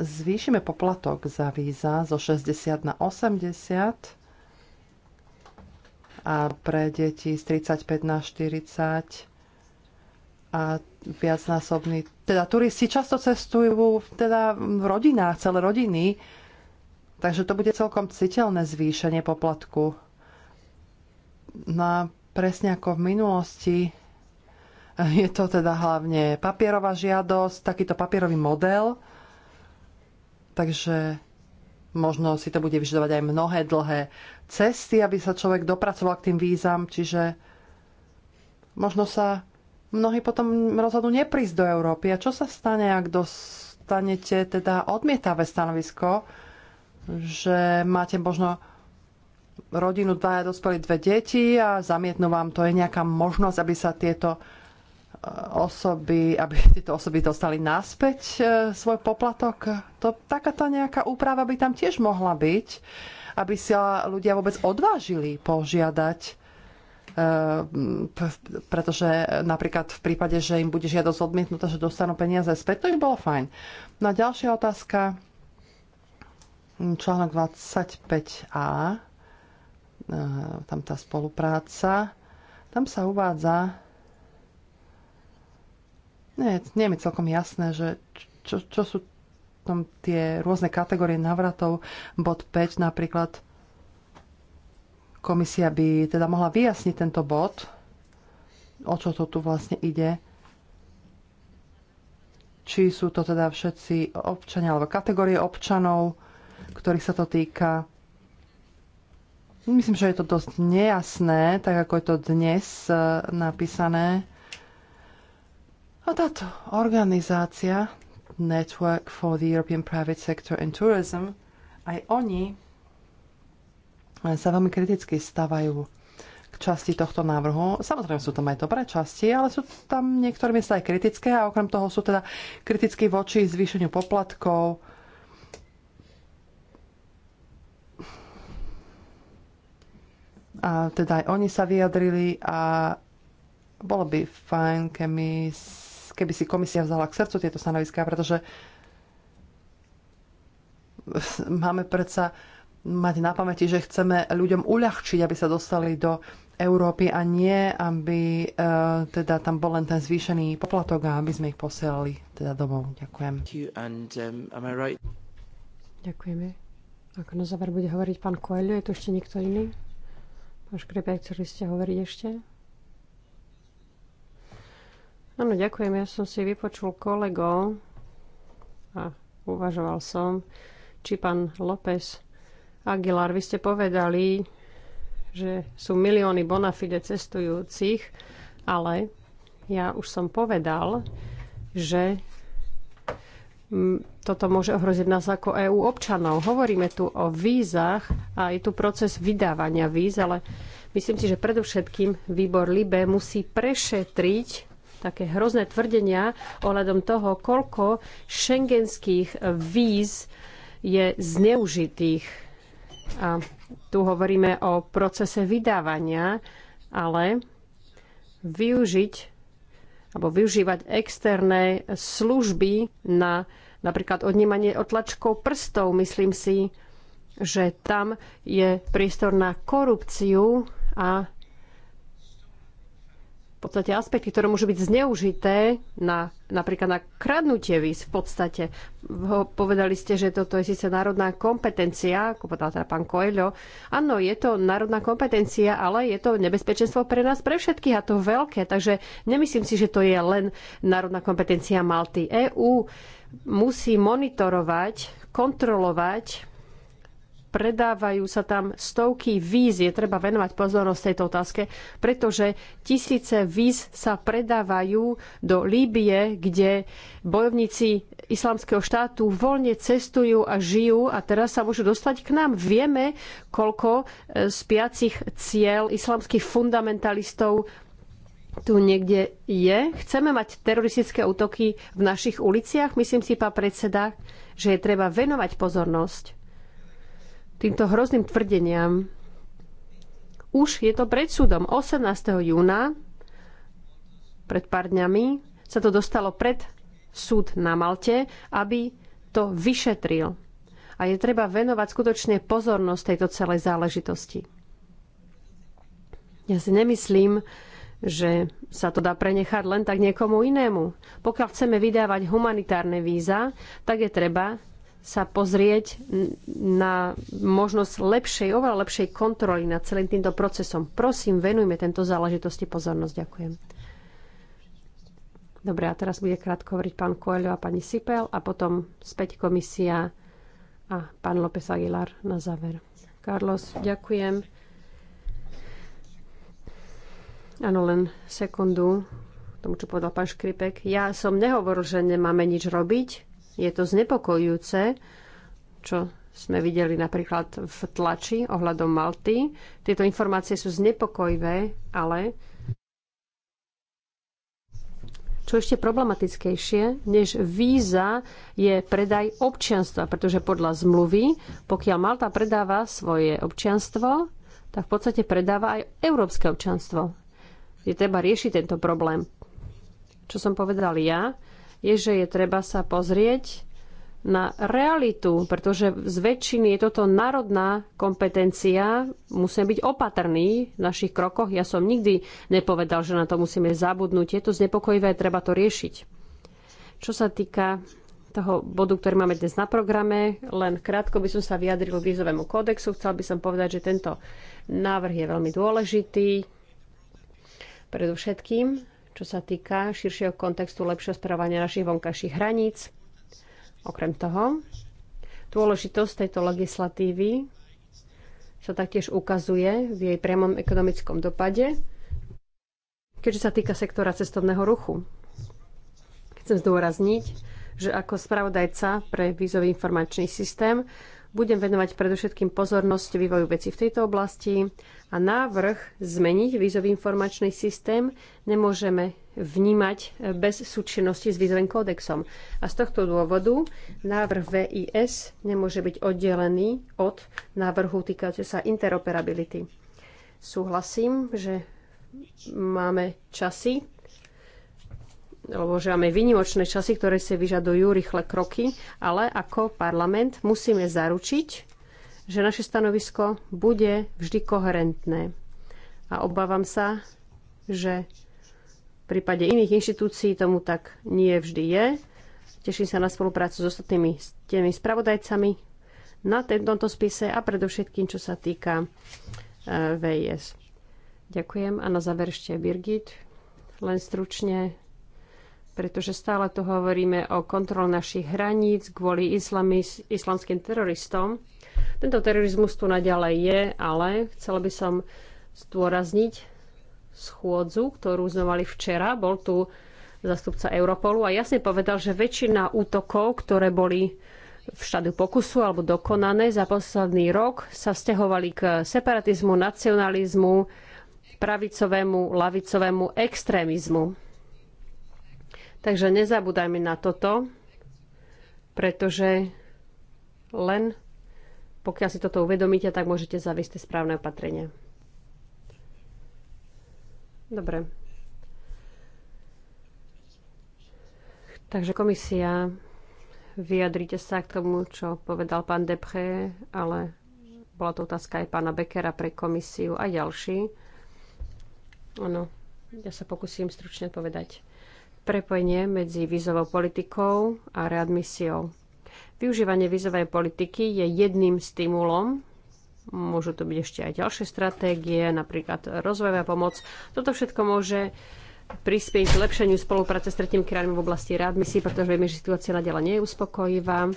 zvýšime poplatok za víza zo 60 na 80 a pre deti z 35 na 40 a viacnásobný. Teda turisti často cestujú teda v rodinách, celé rodiny, takže to bude celkom citeľné zvýšenie poplatku. No a presne ako v minulosti je to teda hlavne papierová žiadosť, takýto papierový model, Takže možno si to bude vyžadovať aj mnohé dlhé cesty, aby sa človek dopracoval k tým vízam, čiže možno sa mnohí potom rozhodnú neprísť do Európy. A čo sa stane, ak dostanete teda odmietavé stanovisko, že máte možno rodinu, dvaja dospelí, dve deti a zamietnú vám. To je nejaká možnosť, aby sa tieto osoby, aby tieto osoby dostali naspäť e, svoj poplatok. To, takáto nejaká úprava by tam tiež mohla byť, aby sa ľudia vôbec odvážili požiadať e, pretože napríklad v prípade, že im bude žiadosť odmietnutá, že dostanú peniaze späť, to by bolo fajn. No a ďalšia otázka, článok 25a, e, tam tá spolupráca, tam sa uvádza, nie, nie je mi celkom jasné, že čo, čo sú tam tie rôzne kategórie navratov. Bod 5 napríklad komisia by teda mohla vyjasniť tento bod, o čo to tu vlastne ide. Či sú to teda všetci občania alebo kategórie občanov, ktorých sa to týka. Myslím, že je to dosť nejasné, tak ako je to dnes eh, napísané. A táto organizácia Network for the European Private Sector and Tourism, aj oni sa veľmi kriticky stavajú k časti tohto návrhu. Samozrejme sú tam aj dobré časti, ale sú tam niektoré miesta aj kritické a okrem toho sú teda kritické voči zvýšeniu poplatkov, a teda aj oni sa vyjadrili a bolo by fajn, keby keby si komisia vzala k srdcu tieto stanoviská, pretože máme predsa mať na pamäti, že chceme ľuďom uľahčiť, aby sa dostali do Európy a nie, aby e, teda tam bol len ten zvýšený poplatok a aby sme ich posielali teda domov. Ďakujem. And, um, right? Ďakujeme. Ako na záver bude hovoriť pán Koelio, je tu ešte niekto iný? Pán Škrepiak, chceli ste hovoriť ešte? Áno, ďakujem. Ja som si vypočul kolegov a uvažoval som, či pán López Aguilar, vy ste povedali, že sú milióny bonafide cestujúcich, ale ja už som povedal, že mm, toto môže ohroziť nás ako EÚ občanov. Hovoríme tu o vízach a je tu proces vydávania víz, ale myslím si, že predovšetkým výbor Libe musí prešetriť také hrozné tvrdenia ohľadom toho, koľko šengenských víz je zneužitých. A tu hovoríme o procese vydávania, ale využiť alebo využívať externé služby na napríklad odnímanie otlačkou prstov, myslím si, že tam je priestor na korupciu a v podstate aspekty, ktoré môžu byť zneužité na, napríklad na kradnutie víz v podstate. Povedali ste, že toto je síce národná kompetencia, ako povedal teda pán Koelho. Áno, je to národná kompetencia, ale je to nebezpečenstvo pre nás, pre všetkých a to veľké. Takže nemyslím si, že to je len národná kompetencia Malty. EÚ musí monitorovať, kontrolovať predávajú sa tam stovky víz. Je treba venovať pozornosť tejto otázke, pretože tisíce víz sa predávajú do Líbie, kde bojovníci islamského štátu voľne cestujú a žijú a teraz sa môžu dostať k nám. Vieme, koľko e, spiacich cieľ islamských fundamentalistov tu niekde je. Chceme mať teroristické útoky v našich uliciach. Myslím si, pán predseda, že je treba venovať pozornosť týmto hrozným tvrdeniam. Už je to pred súdom. 18. júna, pred pár dňami, sa to dostalo pred súd na Malte, aby to vyšetril. A je treba venovať skutočne pozornosť tejto celej záležitosti. Ja si nemyslím, že sa to dá prenechať len tak niekomu inému. Pokiaľ chceme vydávať humanitárne víza, tak je treba sa pozrieť na možnosť lepšej, oveľa lepšej kontroly nad celým týmto procesom. Prosím, venujme tento záležitosti pozornosť. Ďakujem. Dobre, a teraz bude krátko hovoriť pán Koelho a pani Sipel a potom späť komisia a pán López Aguilar na záver. Carlos, ďakujem. Áno, len sekundu tomu, čo povedal pán Škripek. Ja som nehovoril, že nemáme nič robiť je to znepokojujúce, čo sme videli napríklad v tlači ohľadom Malty. Tieto informácie sú znepokojivé, ale čo ešte problematickejšie než víza je predaj občianstva, pretože podľa zmluvy, pokiaľ Malta predáva svoje občianstvo, tak v podstate predáva aj európske občianstvo. Je treba riešiť tento problém. Čo som povedal ja, je, že je treba sa pozrieť na realitu, pretože z väčšiny je toto národná kompetencia. Musíme byť opatrní v našich krokoch. Ja som nikdy nepovedal, že na to musíme zabudnúť. Je to znepokojivé, treba to riešiť. Čo sa týka toho bodu, ktorý máme dnes na programe. Len krátko by som sa vyjadril k vízovému kódexu. Chcel by som povedať, že tento návrh je veľmi dôležitý. Predovšetkým čo sa týka širšieho kontextu lepšieho správania našich vonkajších hraníc. Okrem toho, dôležitosť tejto legislatívy sa taktiež ukazuje v jej priamom ekonomickom dopade, keďže sa týka sektora cestovného ruchu. Chcem zdôrazniť, že ako spravodajca pre vízový informačný systém budem venovať predovšetkým pozornosť vývoju veci v tejto oblasti a návrh zmeniť vízový informačný systém nemôžeme vnímať bez súčinnosti s vízovým kódexom. A z tohto dôvodu návrh VIS nemôže byť oddelený od návrhu týkajúce sa interoperability. Súhlasím, že máme časy lebo že máme vynimočné časy, ktoré si vyžadujú rýchle kroky, ale ako parlament musíme zaručiť, že naše stanovisko bude vždy koherentné. A obávam sa, že v prípade iných inštitúcií tomu tak nie vždy je. Teším sa na spoluprácu s ostatnými tými spravodajcami na tomto spise a predovšetkým, čo sa týka e, VIS. Ďakujem a na záver ešte Birgit. Len stručne pretože stále tu hovoríme o kontrole našich hraníc kvôli islamis, islamským teroristom. Tento terorizmus tu naďalej je, ale chcela by som zdôrazniť schôdzu, ktorú sme mali včera. Bol tu zastupca Europolu a jasne povedal, že väčšina útokov, ktoré boli v štádiu pokusu alebo dokonané za posledný rok, sa vzťahovali k separatizmu, nacionalizmu, pravicovému, lavicovému extrémizmu Takže nezabúdajme na toto, pretože len pokiaľ si toto uvedomíte, tak môžete zaviesť správne opatrenia. Dobre. Takže komisia, vyjadrite sa k tomu, čo povedal pán Depre, ale bola to otázka aj pána Bekera pre komisiu a ďalší. Áno, ja sa pokúsim stručne povedať prepojenie medzi vízovou politikou a readmisiou. Využívanie vízovej politiky je jedným stimulom, môžu to byť ešte aj ďalšie stratégie, napríklad rozvojová pomoc. Toto všetko môže prispieť k lepšeniu spolupráce s tretím krajinami v oblasti readmisí, pretože vieme, že situácia naďalej nie je uspokojivá.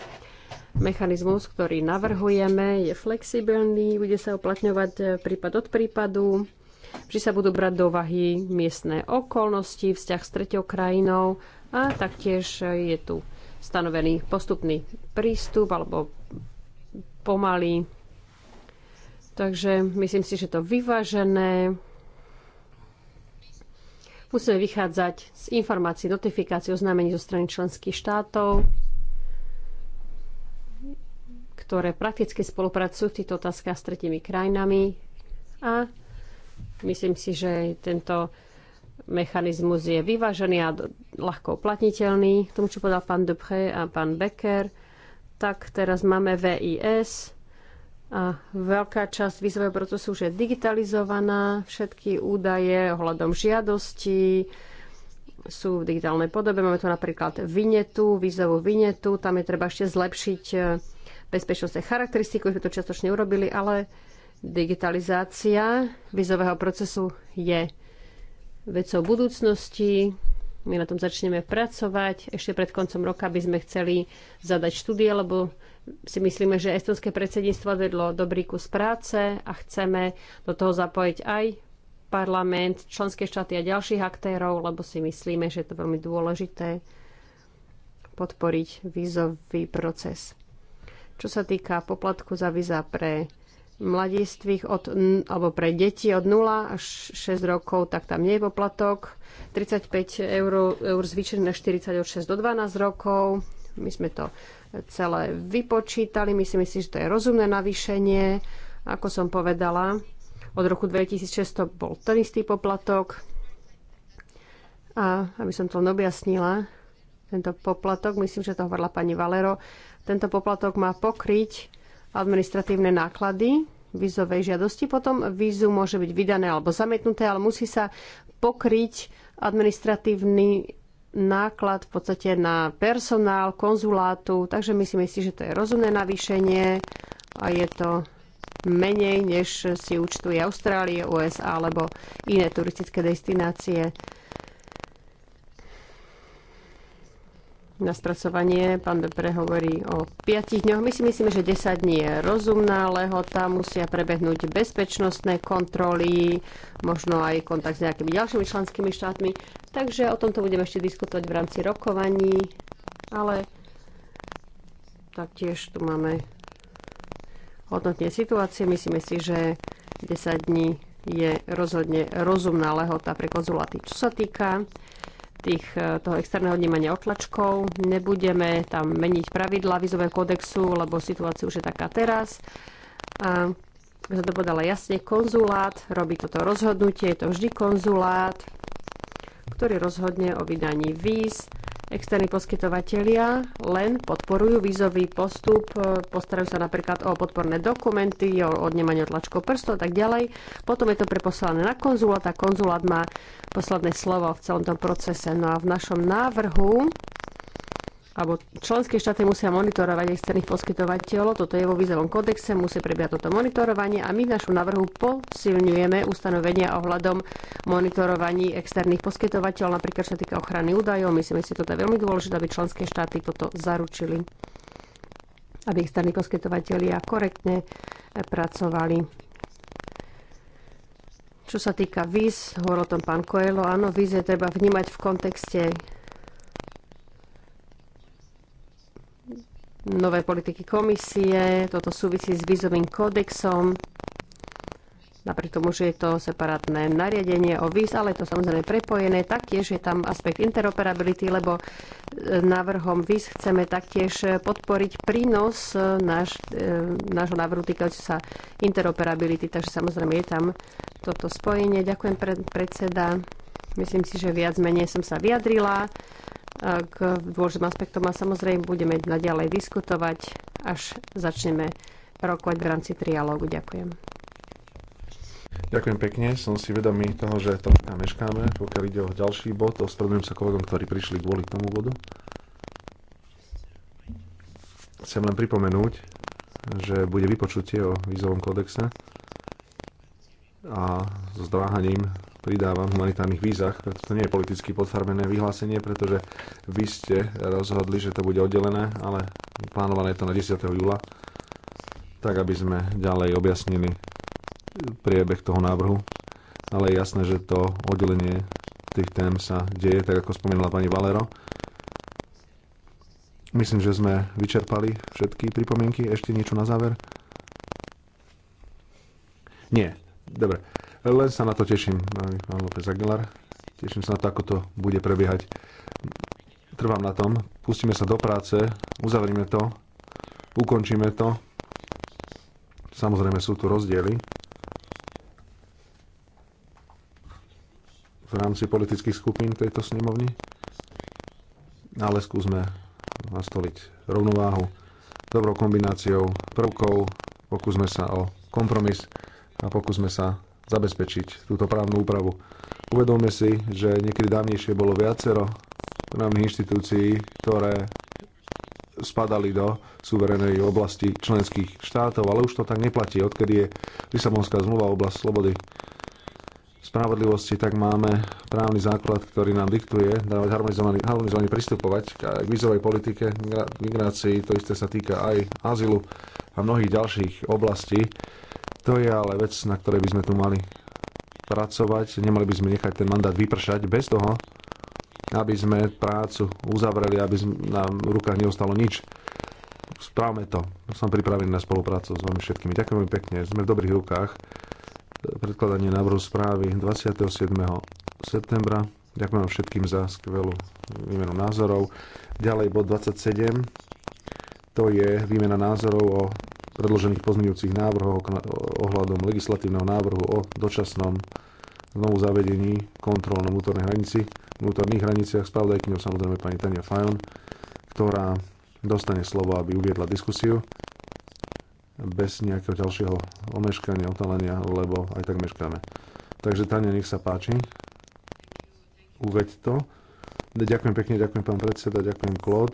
Mechanizmus, ktorý navrhujeme, je flexibilný, bude sa uplatňovať prípad od prípadu že sa budú brať do vahy miestne okolnosti, vzťah s tretou krajinou a taktiež je tu stanovený postupný prístup alebo pomalý. Takže myslím si, že to vyvážené. Musíme vychádzať z informácií, notifikácií, oznámení zo strany členských štátov, ktoré prakticky spolupracujú v týchto otázkach s tretimi krajinami a Myslím si, že tento mechanizmus je vyvážený a ľahko uplatniteľný. K tomu, čo povedal pán Dupré a pán Becker, tak teraz máme VIS a veľká časť výzového procesu už je digitalizovaná. Všetky údaje ohľadom žiadosti sú v digitálnej podobe. Máme tu napríklad vinetu, výzovú vinetu. Tam je treba ešte zlepšiť bezpečnostné charakteristiky, už sme to čiastočne urobili, ale Digitalizácia vizového procesu je vecou budúcnosti. My na tom začneme pracovať. Ešte pred koncom roka by sme chceli zadať štúdie, lebo si myslíme, že estonské predsedníctvo vedlo dobrý kus práce a chceme do toho zapojiť aj parlament, členské štáty a ďalších aktérov, lebo si myslíme, že je to veľmi dôležité podporiť vízový proces. Čo sa týka poplatku za víza pre mladistvých od, alebo pre deti od 0 až 6 rokov, tak tam nie je poplatok. 35 eur, eur zvýšené na 40 od 6 do 12 rokov. My sme to celé vypočítali. Myslím si, že to je rozumné navýšenie. Ako som povedala, od roku 2006 to bol ten istý poplatok. A aby som to objasnila, tento poplatok, myslím, že to hovorila pani Valero, tento poplatok má pokryť administratívne náklady vízovej žiadosti. Potom vízu môže byť vydané alebo zamietnuté, ale musí sa pokryť administratívny náklad v podstate na personál konzulátu, takže myslím si, že to je rozumné navýšenie a je to menej, než si účtuje Austrálie, USA alebo iné turistické destinácie. na spracovanie. Pán Depre hovorí o 5 dňoch. My si myslíme, že 10 dní je rozumná lehota, musia prebehnúť bezpečnostné kontroly, možno aj kontakt s nejakými ďalšími členskými štátmi. Takže o tomto budeme ešte diskutovať v rámci rokovaní, ale taktiež tu máme hodnotne situácie. Myslíme si, že 10 dní je rozhodne rozumná lehota pre konzuláty. Čo sa týka tých, e, toho externého vnímania otlačkov. Nebudeme tam meniť pravidla vizového kódexu, lebo situácia už je taká teraz. A som to povedala jasne, konzulát robí toto rozhodnutie, je to vždy konzulát, ktorý rozhodne o vydaní víz Externí poskytovatelia len podporujú vízový postup, e, postarajú sa napríklad o podporné dokumenty, o odnemanie tlačkov prstov a tak ďalej. Potom je to preposlané na konzulát a konzulát má posledné slovo v celom tom procese. No a v našom návrhu alebo členské štáty musia monitorovať externých poskytovateľov, toto je vo výzovom kódexe, musí prebiať toto monitorovanie a my v našom návrhu posilňujeme ustanovenia ohľadom monitorovaní externých poskytovateľov, napríklad čo sa týka ochrany údajov. Myslím si, toto je veľmi dôležité, aby členské štáty toto zaručili, aby externí poskytovateľia korektne pracovali čo sa týka víz, hovoril o tom pán Koelo, áno, víz je treba vnímať v kontexte nové politiky komisie, toto súvisí s vízovým kódexom, napriek tomu, že je to separátne nariadenie o víz, ale je to samozrejme prepojené. Taktiež je tam aspekt interoperability, lebo e, návrhom víz chceme taktiež podporiť prínos e, náš, e, nášho návrhu týkajúce sa interoperability, takže samozrejme je tam toto spojenie. Ďakujem, pre, predseda. Myslím si, že viac menej som sa vyjadrila k dôležitým aspektom a samozrejme budeme naďalej diskutovať, až začneme rokovať v rámci trialógu. Ďakujem. Ďakujem pekne, som si vedomý toho, že troška meškáme, pokiaľ ide o ďalší bod. Ospravedlňujem sa kolegom, ktorí prišli kvôli tomu bodu. Chcem len pripomenúť, že bude vypočutie o vízovom kodexe a so zdráhaním pridávam v humanitárnych vízach, pretože to nie je politicky podfarbené vyhlásenie, pretože vy ste rozhodli, že to bude oddelené, ale plánované je to na 10. júla, tak aby sme ďalej objasnili priebeh toho návrhu. Ale je jasné, že to oddelenie tých tém sa deje, tak ako spomínala pani Valero. Myslím, že sme vyčerpali všetky pripomienky. Ešte niečo na záver? Nie. Dobre. Len sa na to teším, pán López Aguilar. Teším sa na to, ako to bude prebiehať. Trvám na tom. Pustíme sa do práce, uzavrime to, ukončíme to. Samozrejme sú tu rozdiely v rámci politických skupín tejto snemovni, ale skúsme nastoliť rovnováhu dobrou kombináciou prvkov, pokúsme sa o kompromis a pokúsme sa zabezpečiť túto právnu úpravu. Uvedomme si, že niekedy dávnejšie bolo viacero právnych inštitúcií, ktoré spadali do suverenej oblasti členských štátov, ale už to tak neplatí. Odkedy je Lisabonská zmluva oblasť slobody spravodlivosti, tak máme právny základ, ktorý nám diktuje dávať harmonizovaný, harmonizovaný pristupovať k vízovej politike, migrácii, to isté sa týka aj azylu a mnohých ďalších oblastí to je ale vec, na ktorej by sme tu mali pracovať. Nemali by sme nechať ten mandát vypršať bez toho, aby sme prácu uzavreli, aby nám v rukách neostalo nič. Správme to. Som pripravený na spoluprácu s vami všetkými. Ďakujem veľmi pekne. Sme v dobrých rukách. Predkladanie návrhu správy 27. septembra. Ďakujem vám všetkým za skvelú výmenu názorov. Ďalej bod 27. To je výmena názorov o predložených pozmeňujúcich návrhov ohľadom legislatívneho návrhu o dočasnom znovu zavedení kontrol na vnútornej hranici, vnútorných hraniciach, spravodajkyňou samozrejme pani Tania Fajon, ktorá dostane slovo, aby uviedla diskusiu bez nejakého ďalšieho omeškania, otalenia, lebo aj tak meškáme. Takže Tania, nech sa páči. Uveď to. Ďakujem pekne, ďakujem pán predseda, ďakujem Klod.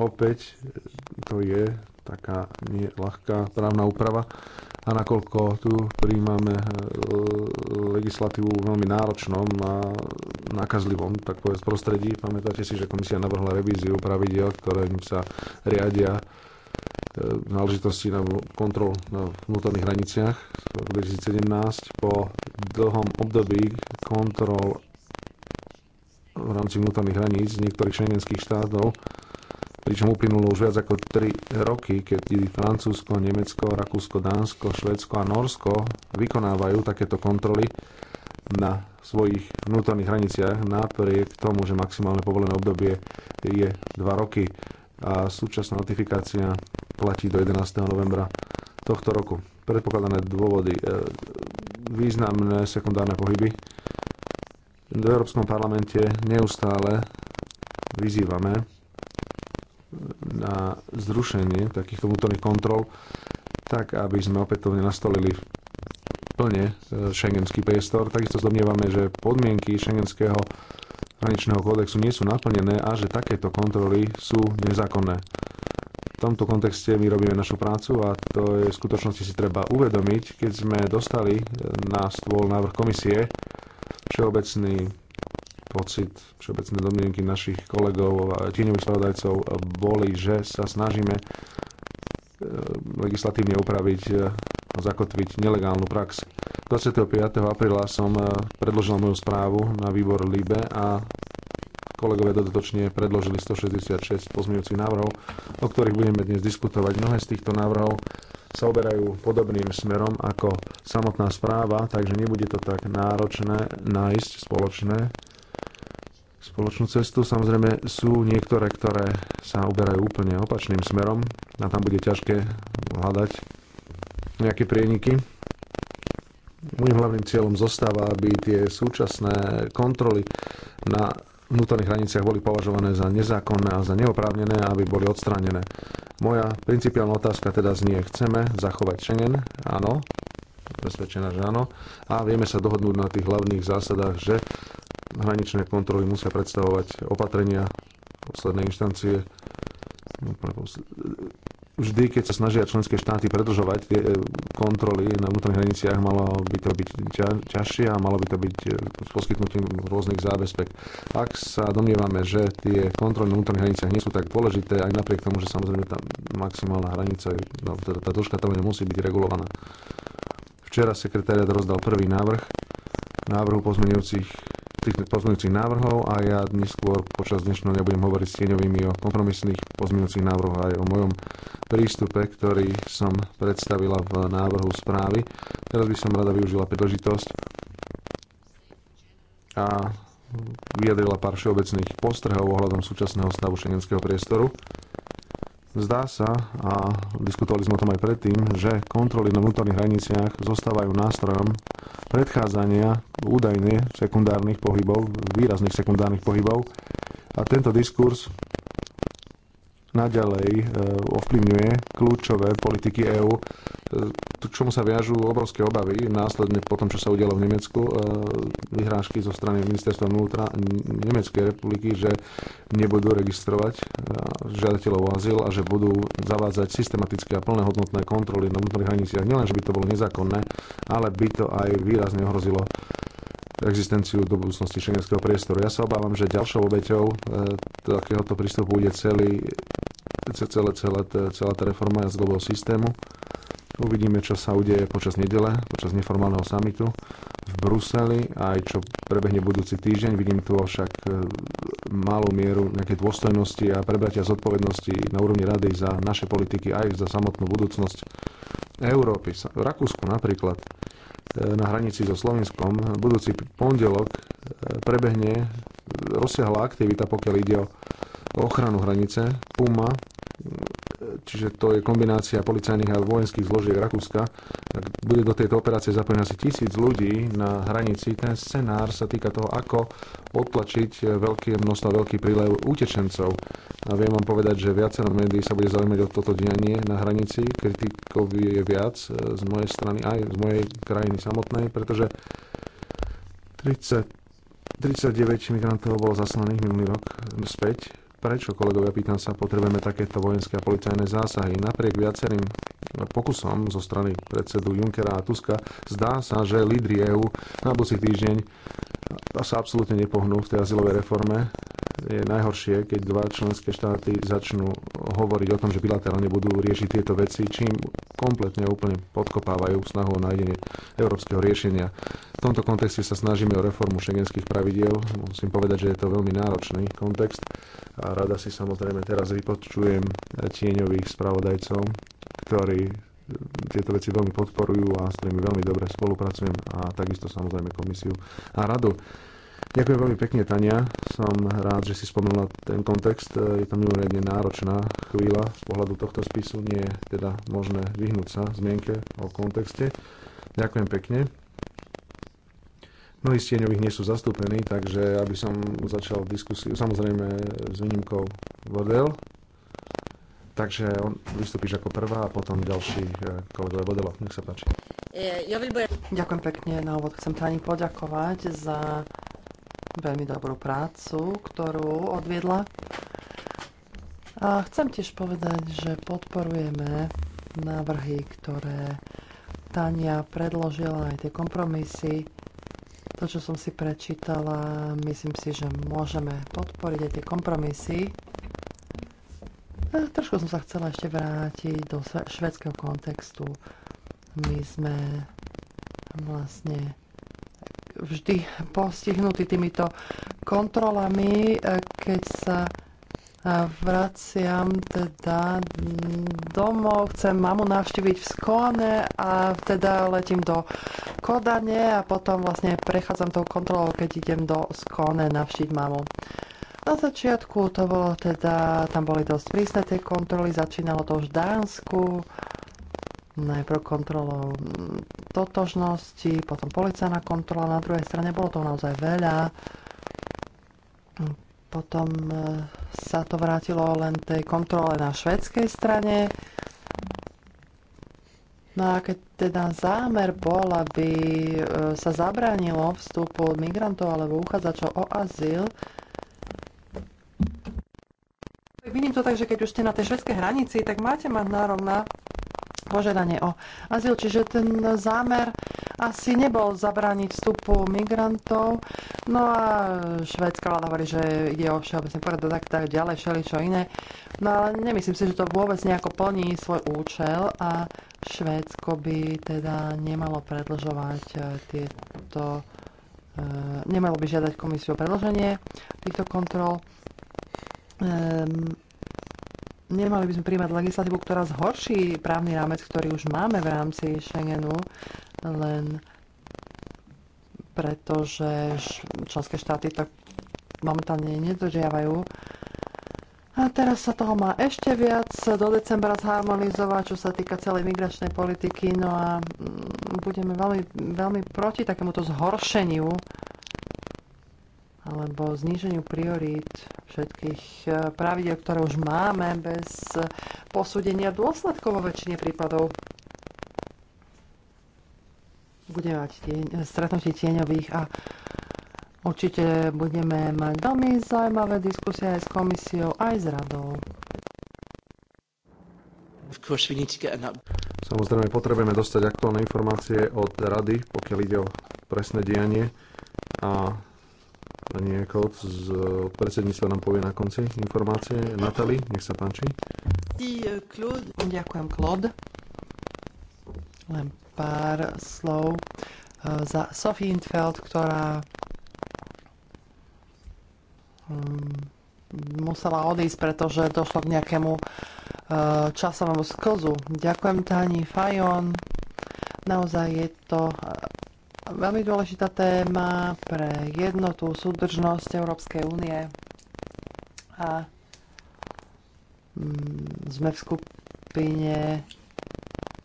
Opäť to je taká nie ľahká právna úprava a nakoľko tu príjmame e, legislatívu v veľmi náročnom a nakazlivom, tak povedz, prostredí. Pamätáte si, že komisia navrhla revíziu pravidel, ktorým sa riadia e, náležitosti na kontrol na vnútorných hraniciach v 2017 po dlhom období kontrol v rámci vnútorných hraníc niektorých šengenských štátov pričom uplynulo už viac ako 3 roky, keď Francúzsko, Nemecko, Rakúsko, Dánsko, Švédsko a Norsko vykonávajú takéto kontroly na svojich vnútorných hraniciach napriek tomu, že maximálne povolené obdobie je 2 roky a súčasná notifikácia platí do 11. novembra tohto roku. Predpokladané dôvody, e, významné sekundárne pohyby. V Európskom parlamente neustále vyzývame na zrušenie takýchto vnútorných kontrol, tak aby sme opätovne nastolili plne e, šengenský priestor. Takisto zdomnievame, že podmienky šengenského hraničného kódexu nie sú naplnené a že takéto kontroly sú nezákonné. V tomto kontexte my robíme našu prácu a to je v skutočnosti si treba uvedomiť, keď sme dostali e, na stôl návrh komisie všeobecný pocit všeobecné domnienky našich kolegov a tieňových spravodajcov boli, že sa snažíme eh, legislatívne upraviť eh, a zakotviť nelegálnu prax. 25. apríla som eh, predložil moju správu na výbor LIBE a kolegovia dodatočne predložili 166 pozmeňujúcich návrhov, o ktorých budeme dnes diskutovať. Mnohé z týchto návrhov sa oberajú podobným smerom ako samotná správa, takže nebude to tak náročné nájsť spoločné spoločnú cestu. Samozrejme sú niektoré, ktoré sa uberajú úplne opačným smerom a tam bude ťažké hľadať nejaké prieniky. Mojím hlavným cieľom zostáva, aby tie súčasné kontroly na vnútorných hraniciach boli považované za nezákonné a za neoprávnené aby boli odstránené. Moja principiálna otázka teda znie, chceme zachovať Schengen? Áno, presvedčená, že áno. A vieme sa dohodnúť na tých hlavných zásadách, že hraničné kontroly musia predstavovať opatrenia poslednej inštancie. Vždy, keď sa snažia členské štáty predržovať tie e, kontroly na vnútorných hraniciach, malo by to byť ťa, ťažšie a malo by to byť e, s poskytnutím rôznych zábezpek. Ak sa domnievame, že tie kontroly na vnútorných hraniciach nie sú tak dôležité, aj napriek tomu, že samozrejme tá maximálna hranica, no, teda tá dĺžka trvania musí byť regulovaná. Včera sekretariat rozdal prvý návrh návrhu pozmeňujúcich tých pozmeňujúcich návrhov a ja neskôr počas dnešného dňa budem hovoriť s tieňovými o kompromisných pozmeňujúcich návrhoch aj o mojom prístupe, ktorý som predstavila v návrhu správy. Teraz by som rada využila príležitosť a vyjadrila pár všeobecných postrehov ohľadom súčasného stavu šengenského priestoru. Zdá sa, a diskutovali sme o tom aj predtým, že kontroly na vnútorných hraniciach zostávajú nástrojom predchádzania údajne sekundárnych pohybov, výrazných sekundárnych pohybov. A tento diskurs naďalej e, ovplyvňuje kľúčové politiky EÚ, e, k čomu sa viažú obrovské obavy. Následne po tom, čo sa udialo v Nemecku, e, vyhrážky zo strany ministerstva vnútra Nemeckej republiky, že nebudú registrovať žiadateľov o azyl a že budú zavádzať systematické a plnohodnotné kontroly na vnútorných hraniciach. Nielen, že by to bolo nezákonné, ale by to aj výrazne ohrozilo existenciu do budúcnosti šengenského priestoru. Ja sa obávam, že ďalšou obeťou e, takéhoto prístupu bude celý, celé, celé, celá tá reforma jazdového systému. Uvidíme, čo sa udeje počas nedele, počas neformálneho samitu v Bruseli, aj čo prebehne budúci týždeň. Vidím tu však e, malú mieru nejakej dôstojnosti a prebratia zodpovednosti na úrovni rady za naše politiky, aj za samotnú budúcnosť Európy. v Rakúsku napríklad E, na hranici so Slovenskom. Budúci pondelok e, prebehne rozsiahla aktivita, pokiaľ ide o ochranu hranice. Puma čiže to je kombinácia policajných a vojenských zložiek Rakúska. Bude do tejto operácie zapojené asi tisíc ľudí na hranici. Ten scenár sa týka toho, ako odtlačiť veľké množstvo, veľký prílev utečencov. A viem vám povedať, že viacero médií sa bude zaujímať o toto dianie na hranici. Kritikov je viac e, z mojej strany, aj z mojej krajiny samotnej, pretože 30 39 migrantov bolo zaslaných minulý rok späť prečo, kolegovia, pýtam sa, potrebujeme takéto vojenské a policajné zásahy. Napriek viacerým pokusom zo strany predsedu Junckera a Tuska, zdá sa, že lídry EÚ na budúci týždeň sa absolútne nepohnú v tej azylovej reforme je najhoršie, keď dva členské štáty začnú hovoriť o tom, že bilaterálne budú riešiť tieto veci, čím kompletne úplne podkopávajú snahu o nájdenie európskeho riešenia. V tomto kontexte sa snažíme o reformu šengenských pravidiel. Musím povedať, že je to veľmi náročný kontext a rada si samozrejme teraz vypočujem tieňových spravodajcov, ktorí tieto veci veľmi podporujú a s ktorými veľmi dobre spolupracujem a takisto samozrejme komisiu a radu. Ďakujem veľmi pekne, Tania. Som rád, že si spomenula ten kontext. Je to mimoriadne náročná chvíľa z pohľadu tohto spisu. Nie je teda možné vyhnúť sa zmienke o kontexte. Ďakujem pekne. Mnohí stieňových nie sú zastúpení, takže aby som začal diskusiu, samozrejme s výnimkou Vodel. Takže on vystúpiš ako prvá a potom ďalší eh, kolegové Vodelo. Nech sa páči. Eh, Ďakujem pekne. Na úvod chcem Tani poďakovať za veľmi dobrú prácu, ktorú odviedla. A chcem tiež povedať, že podporujeme návrhy, ktoré Tania predložila, aj tie kompromisy. To, čo som si prečítala, myslím si, že môžeme podporiť aj tie kompromisy. A trošku som sa chcela ešte vrátiť do švedského kontextu. My sme vlastne vždy postihnutí týmito kontrolami, keď sa e, vraciam teda domov, chcem mamu navštíviť v Skóne a teda letím do Kodane a potom vlastne prechádzam tou kontrolou, keď idem do Skóne navštíviť mamu. Na začiatku to bolo teda, tam boli dosť prísne tie kontroly, začínalo to už v Dánsku, najprv kontrolou totožnosti, potom policajná kontrola, na druhej strane bolo to naozaj veľa. Potom e, sa to vrátilo len tej kontrole na švedskej strane. No a keď teda zámer bol, aby e, sa zabránilo vstupu migrantov alebo uchádzačov o azyl, Vidím to tak, že keď už ste na tej švedskej hranici, tak máte mať nárok na požiadanie o azyl. Čiže ten zámer asi nebol zabrániť vstupu migrantov. No a švédska vláda hovorí, že ide o všeobecný poriadok, tak, tak ďalej, čo iné. No ale nemyslím si, že to vôbec nejako plní svoj účel a Švédsko by teda nemalo predlžovať eh, tieto eh, nemalo by žiadať komisiu o predlženie týchto kontrol. Ehm, Nemali by sme príjmať legislatívu, ktorá zhorší právny rámec, ktorý už máme v rámci Schengenu, len pretože členské štáty to momentálne nedodržiavajú. A teraz sa toho má ešte viac do decembra zharmonizovať, čo sa týka celej migračnej politiky. No a mm, budeme veľmi, veľmi proti takémuto zhoršeniu alebo zníženiu priorít všetkých eh, pravidel, ktoré už máme, bez posúdenia dôsledkov vo väčšine prípadov. Budeme mať tieň, eh, stretnutie tieňových a určite budeme mať veľmi zaujímavé diskusie aj s komisiou, aj s radou. Samozrejme, potrebujeme dostať aktuálne informácie od rady, pokiaľ ide o presné dianie a Pani Ekolc z eh, predsedníctva nám povie na konci informácie. Natali, nech sa páči. Eh, Ďakujem, Claude. Len pár slov eh, za Sophie Infeld, ktorá mm, musela odísť, pretože došlo k nejakému časovému sklzu. Ďakujem Tani Fajon. Naozaj je to Veľmi dôležitá téma pre jednotu, súdržnosť Európskej únie. A mm, sme v skupine,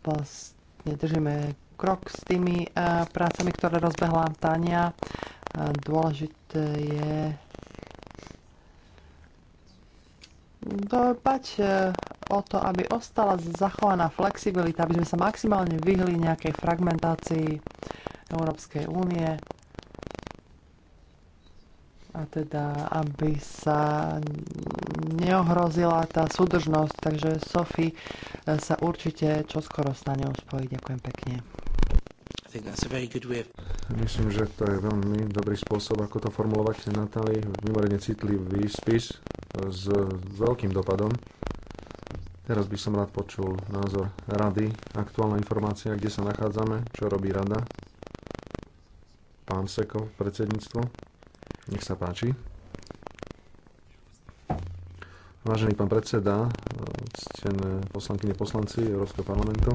vlastne držíme krok s tými prácami, ktoré rozbehla Tania. Dôležité je dopať e, o to, aby ostala zachovaná flexibilita, aby sme sa maximálne vyhli nejakej fragmentácii Európskej únie a teda aby sa neohrozila tá súdržnosť. Takže Sofi e, sa určite čoskoro stane uspojí. Ďakujem pekne. Myslím, že to je veľmi dobrý spôsob, ako to formulovať, Natali. Mimoriadne citlivý spis e, s veľkým dopadom. Teraz by som rád počul názor rady, aktuálna informácia, kde sa nachádzame, čo robí rada, pán Seko, predsedníctvo. Nech sa páči. Vážený pán predseda, ctené poslankyne poslanci Európskeho parlamentu,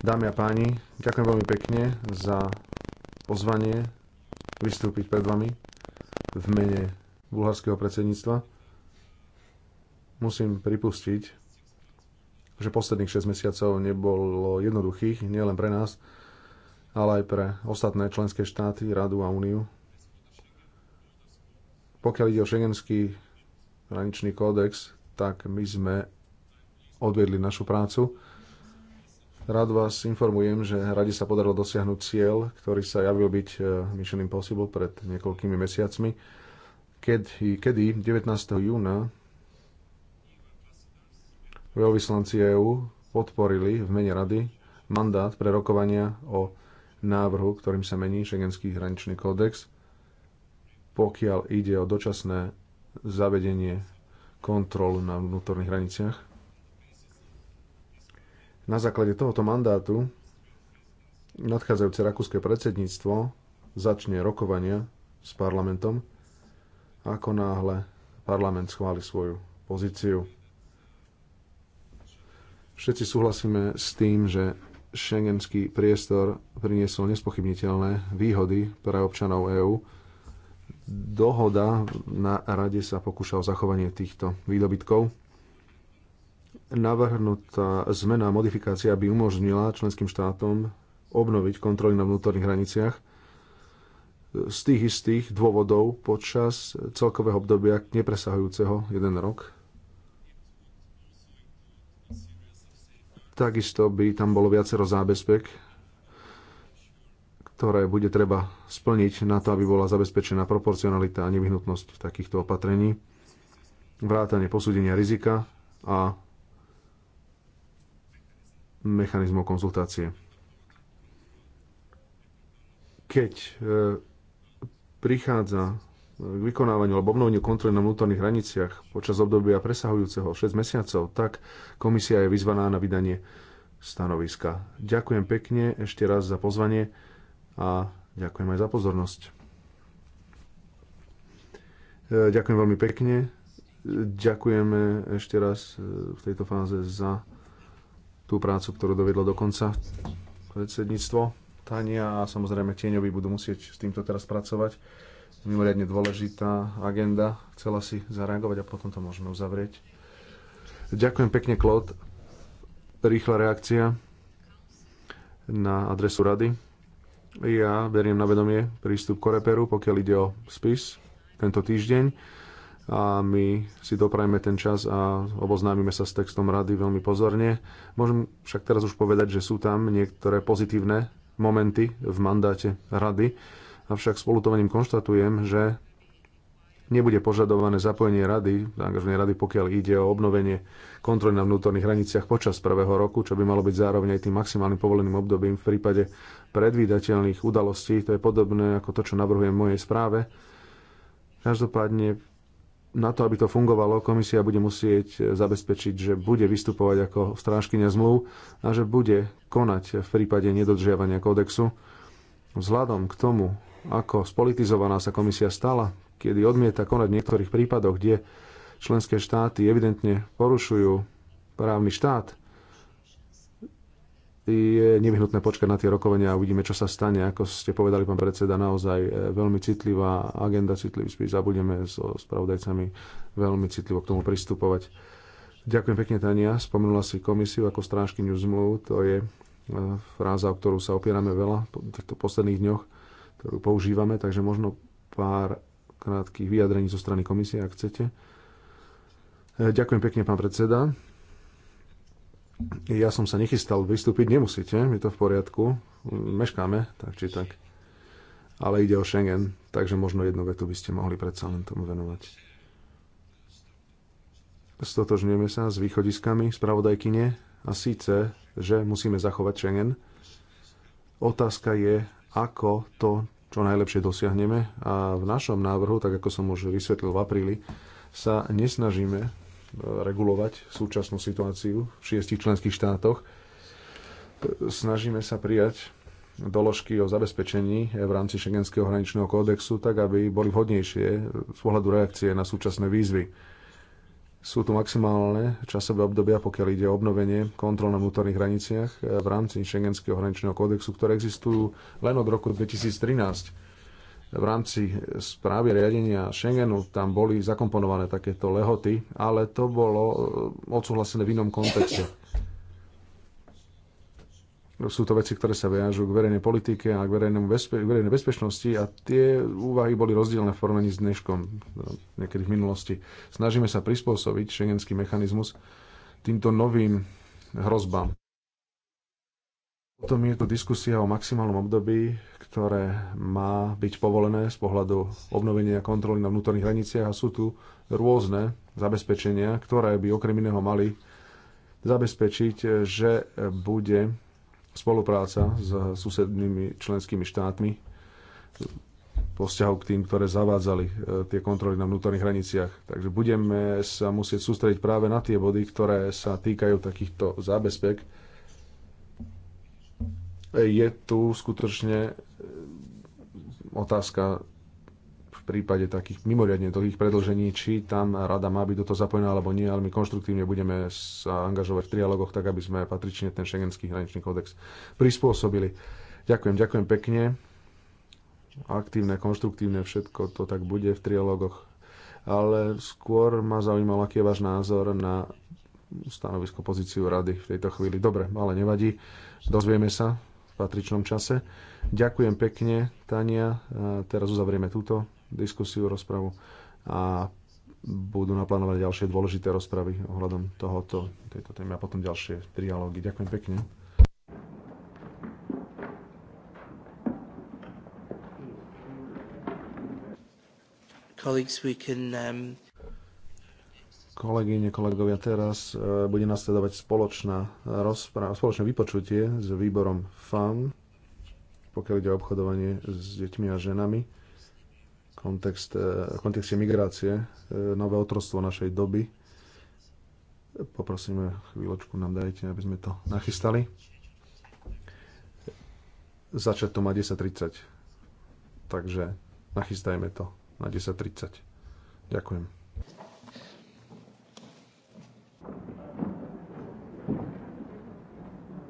dámy a páni, ďakujem veľmi pekne za pozvanie vystúpiť pred vami v mene bulharského predsedníctva. Musím pripustiť, že posledných 6 mesiacov nebolo jednoduchých, nielen pre nás, ale aj pre ostatné členské štáty, Radu a Úniu. Pokiaľ ide o šengenský hraničný kódex, tak my sme odvedli našu prácu. Rád vás informujem, že radi sa podarilo dosiahnuť cieľ, ktorý sa javil byť e, Mission Impossible pred niekoľkými mesiacmi, kedy, kedy 19. júna veľvyslanci EÚ podporili v mene rady mandát pre rokovania o návrhu, ktorým sa mení Schengenský hraničný kódex, pokiaľ ide o dočasné zavedenie kontrol na vnútorných hraniciach. Na základe tohoto mandátu nadchádzajúce rakúske predsedníctvo začne rokovania s parlamentom, ako náhle parlament schváli svoju pozíciu. Všetci súhlasíme s tým, že šengenský priestor priniesol nespochybniteľné výhody pre občanov EÚ. Dohoda na rade sa pokúša o zachovanie týchto výdobytkov. Navrhnutá zmena a modifikácia by umožnila členským štátom obnoviť kontroly na vnútorných hraniciach z tých istých dôvodov počas celkového obdobia nepresahujúceho jeden rok Takisto by tam bolo viacero zábezpek, ktoré bude treba splniť na to, aby bola zabezpečená proporcionalita a nevyhnutnosť takýchto opatrení, vrátanie posúdenia rizika a mechanizmov konzultácie. Keď e, prichádza k vykonávaniu alebo obnoveniu kontroly na vnútorných hraniciach počas obdobia presahujúceho 6 mesiacov, tak komisia je vyzvaná na vydanie stanoviska. Ďakujem pekne ešte raz za pozvanie a ďakujem aj za pozornosť. E, ďakujem veľmi pekne. Ďakujeme ešte raz e, v tejto fáze za tú prácu, ktorú dovedlo do konca predsedníctvo Tania a samozrejme tieňovi budú musieť s týmto teraz pracovať mimoriadne dôležitá agenda. Chcela si zareagovať a potom to môžeme uzavrieť. Ďakujem pekne, Klod. Rýchla reakcia na adresu rady. Ja beriem na vedomie prístup Koreperu, pokiaľ ide o spis tento týždeň a my si doprajeme ten čas a oboznámime sa s textom rady veľmi pozorne. Môžem však teraz už povedať, že sú tam niektoré pozitívne momenty v mandáte rady, Avšak s polutovaním konštatujem, že nebude požadované zapojenie rady, angažovanie rady, pokiaľ ide o obnovenie kontroly na vnútorných hraniciach počas prvého roku, čo by malo byť zároveň aj tým maximálnym povoleným obdobím v prípade predvídateľných udalostí. To je podobné ako to, čo navrhujem v mojej správe. Každopádne na to, aby to fungovalo, komisia bude musieť zabezpečiť, že bude vystupovať ako strážkynia zmluv a že bude konať v prípade nedodržiavania kódexu. Vzhľadom k tomu, ako spolitizovaná sa komisia stala, kedy odmieta konať v niektorých prípadoch, kde členské štáty evidentne porušujú právny štát, je nevyhnutné počkať na tie rokovania a uvidíme, čo sa stane. Ako ste povedali, pán predseda, naozaj e, veľmi citlivá agenda, citlivý spis a budeme so spravodajcami veľmi citlivo k tomu pristupovať. Ďakujem pekne, Tania. Spomenula si komisiu ako strážkyňu zmluv. To je e, fráza, o ktorú sa opierame veľa v týchto posledných dňoch ktorú používame, takže možno pár krátkých vyjadrení zo strany komisie, ak chcete. E, ďakujem pekne, pán predseda. Ja som sa nechystal vystúpiť, nemusíte, je to v poriadku. Meškáme, tak či tak. Ale ide o Schengen, takže možno jednu vetu by ste mohli predsa len tomu venovať. Stotožňujeme sa s východiskami spravodajkyne a síce, že musíme zachovať Schengen. Otázka je, ako to čo najlepšie dosiahneme. A v našom návrhu, tak ako som už vysvetlil v apríli, sa nesnažíme e, regulovať súčasnú situáciu v šiestich členských štátoch. E, snažíme sa prijať doložky o zabezpečení e, v rámci Šengenského hraničného kódexu, tak aby boli vhodnejšie z pohľadu reakcie na súčasné výzvy sú tu maximálne časové obdobia, pokiaľ ide o obnovenie kontrol na vnútorných hraniciach e, v rámci Schengenského hraničného kódexu, ktoré existujú len od roku 2013 v rámci správy riadenia Schengenu tam boli zakomponované takéto lehoty, ale to bolo e, odsúhlasené v inom kontexte sú to veci, ktoré sa viažú k verejnej politike a k bezpe- verejnej bezpečnosti a tie úvahy boli rozdielne v porovnaní s dneškom, no, niekedy v minulosti. Snažíme sa prispôsobiť šengenský mechanizmus týmto novým hrozbám. Potom je tu diskusia o maximálnom období, ktoré má byť povolené z pohľadu obnovenia kontroly na vnútorných hraniciach a sú tu rôzne zabezpečenia, ktoré by okrem iného mali zabezpečiť, že bude spolupráca s susednými členskými štátmi po vzťahu k tým, ktoré zavádzali e, tie kontroly na vnútorných hraniciach. Takže budeme sa musieť sústrediť práve na tie body, ktoré sa týkajú takýchto zábezpek. E, je tu skutočne e, otázka prípade takých mimoriadne dlhých predlžení, či tam rada má byť do toho zapojená alebo nie, ale my konštruktívne budeme sa angažovať v trialogoch tak, aby sme patrične ten šengenský hraničný kódex prispôsobili. Ďakujem, ďakujem pekne. Aktívne, konštruktívne, všetko to tak bude v trialogoch. Ale skôr ma zaujímal, aký je váš názor na stanovisko, pozíciu rady v tejto chvíli. Dobre, ale nevadí. Dozvieme sa v patričnom čase. Ďakujem pekne, Tania. Teraz uzavrieme túto diskusiu, rozpravu a budú naplánované ďalšie dôležité rozpravy ohľadom tohoto, tejto témy a potom ďalšie trialógy. Ďakujem pekne. Um, Kolegyne, kolegovia, teraz e, bude nasledovať spoločná rozpráva, spoločné vypočutie s výborom FAM, pokiaľ ide o obchodovanie s deťmi a ženami kontext, e, kontexte migrácie, e, nové otrostvo našej doby. Poprosíme chvíľočku, nám dajte, aby sme to nachystali. Začať to má 10.30, takže nachystajme to na 10.30. Ďakujem.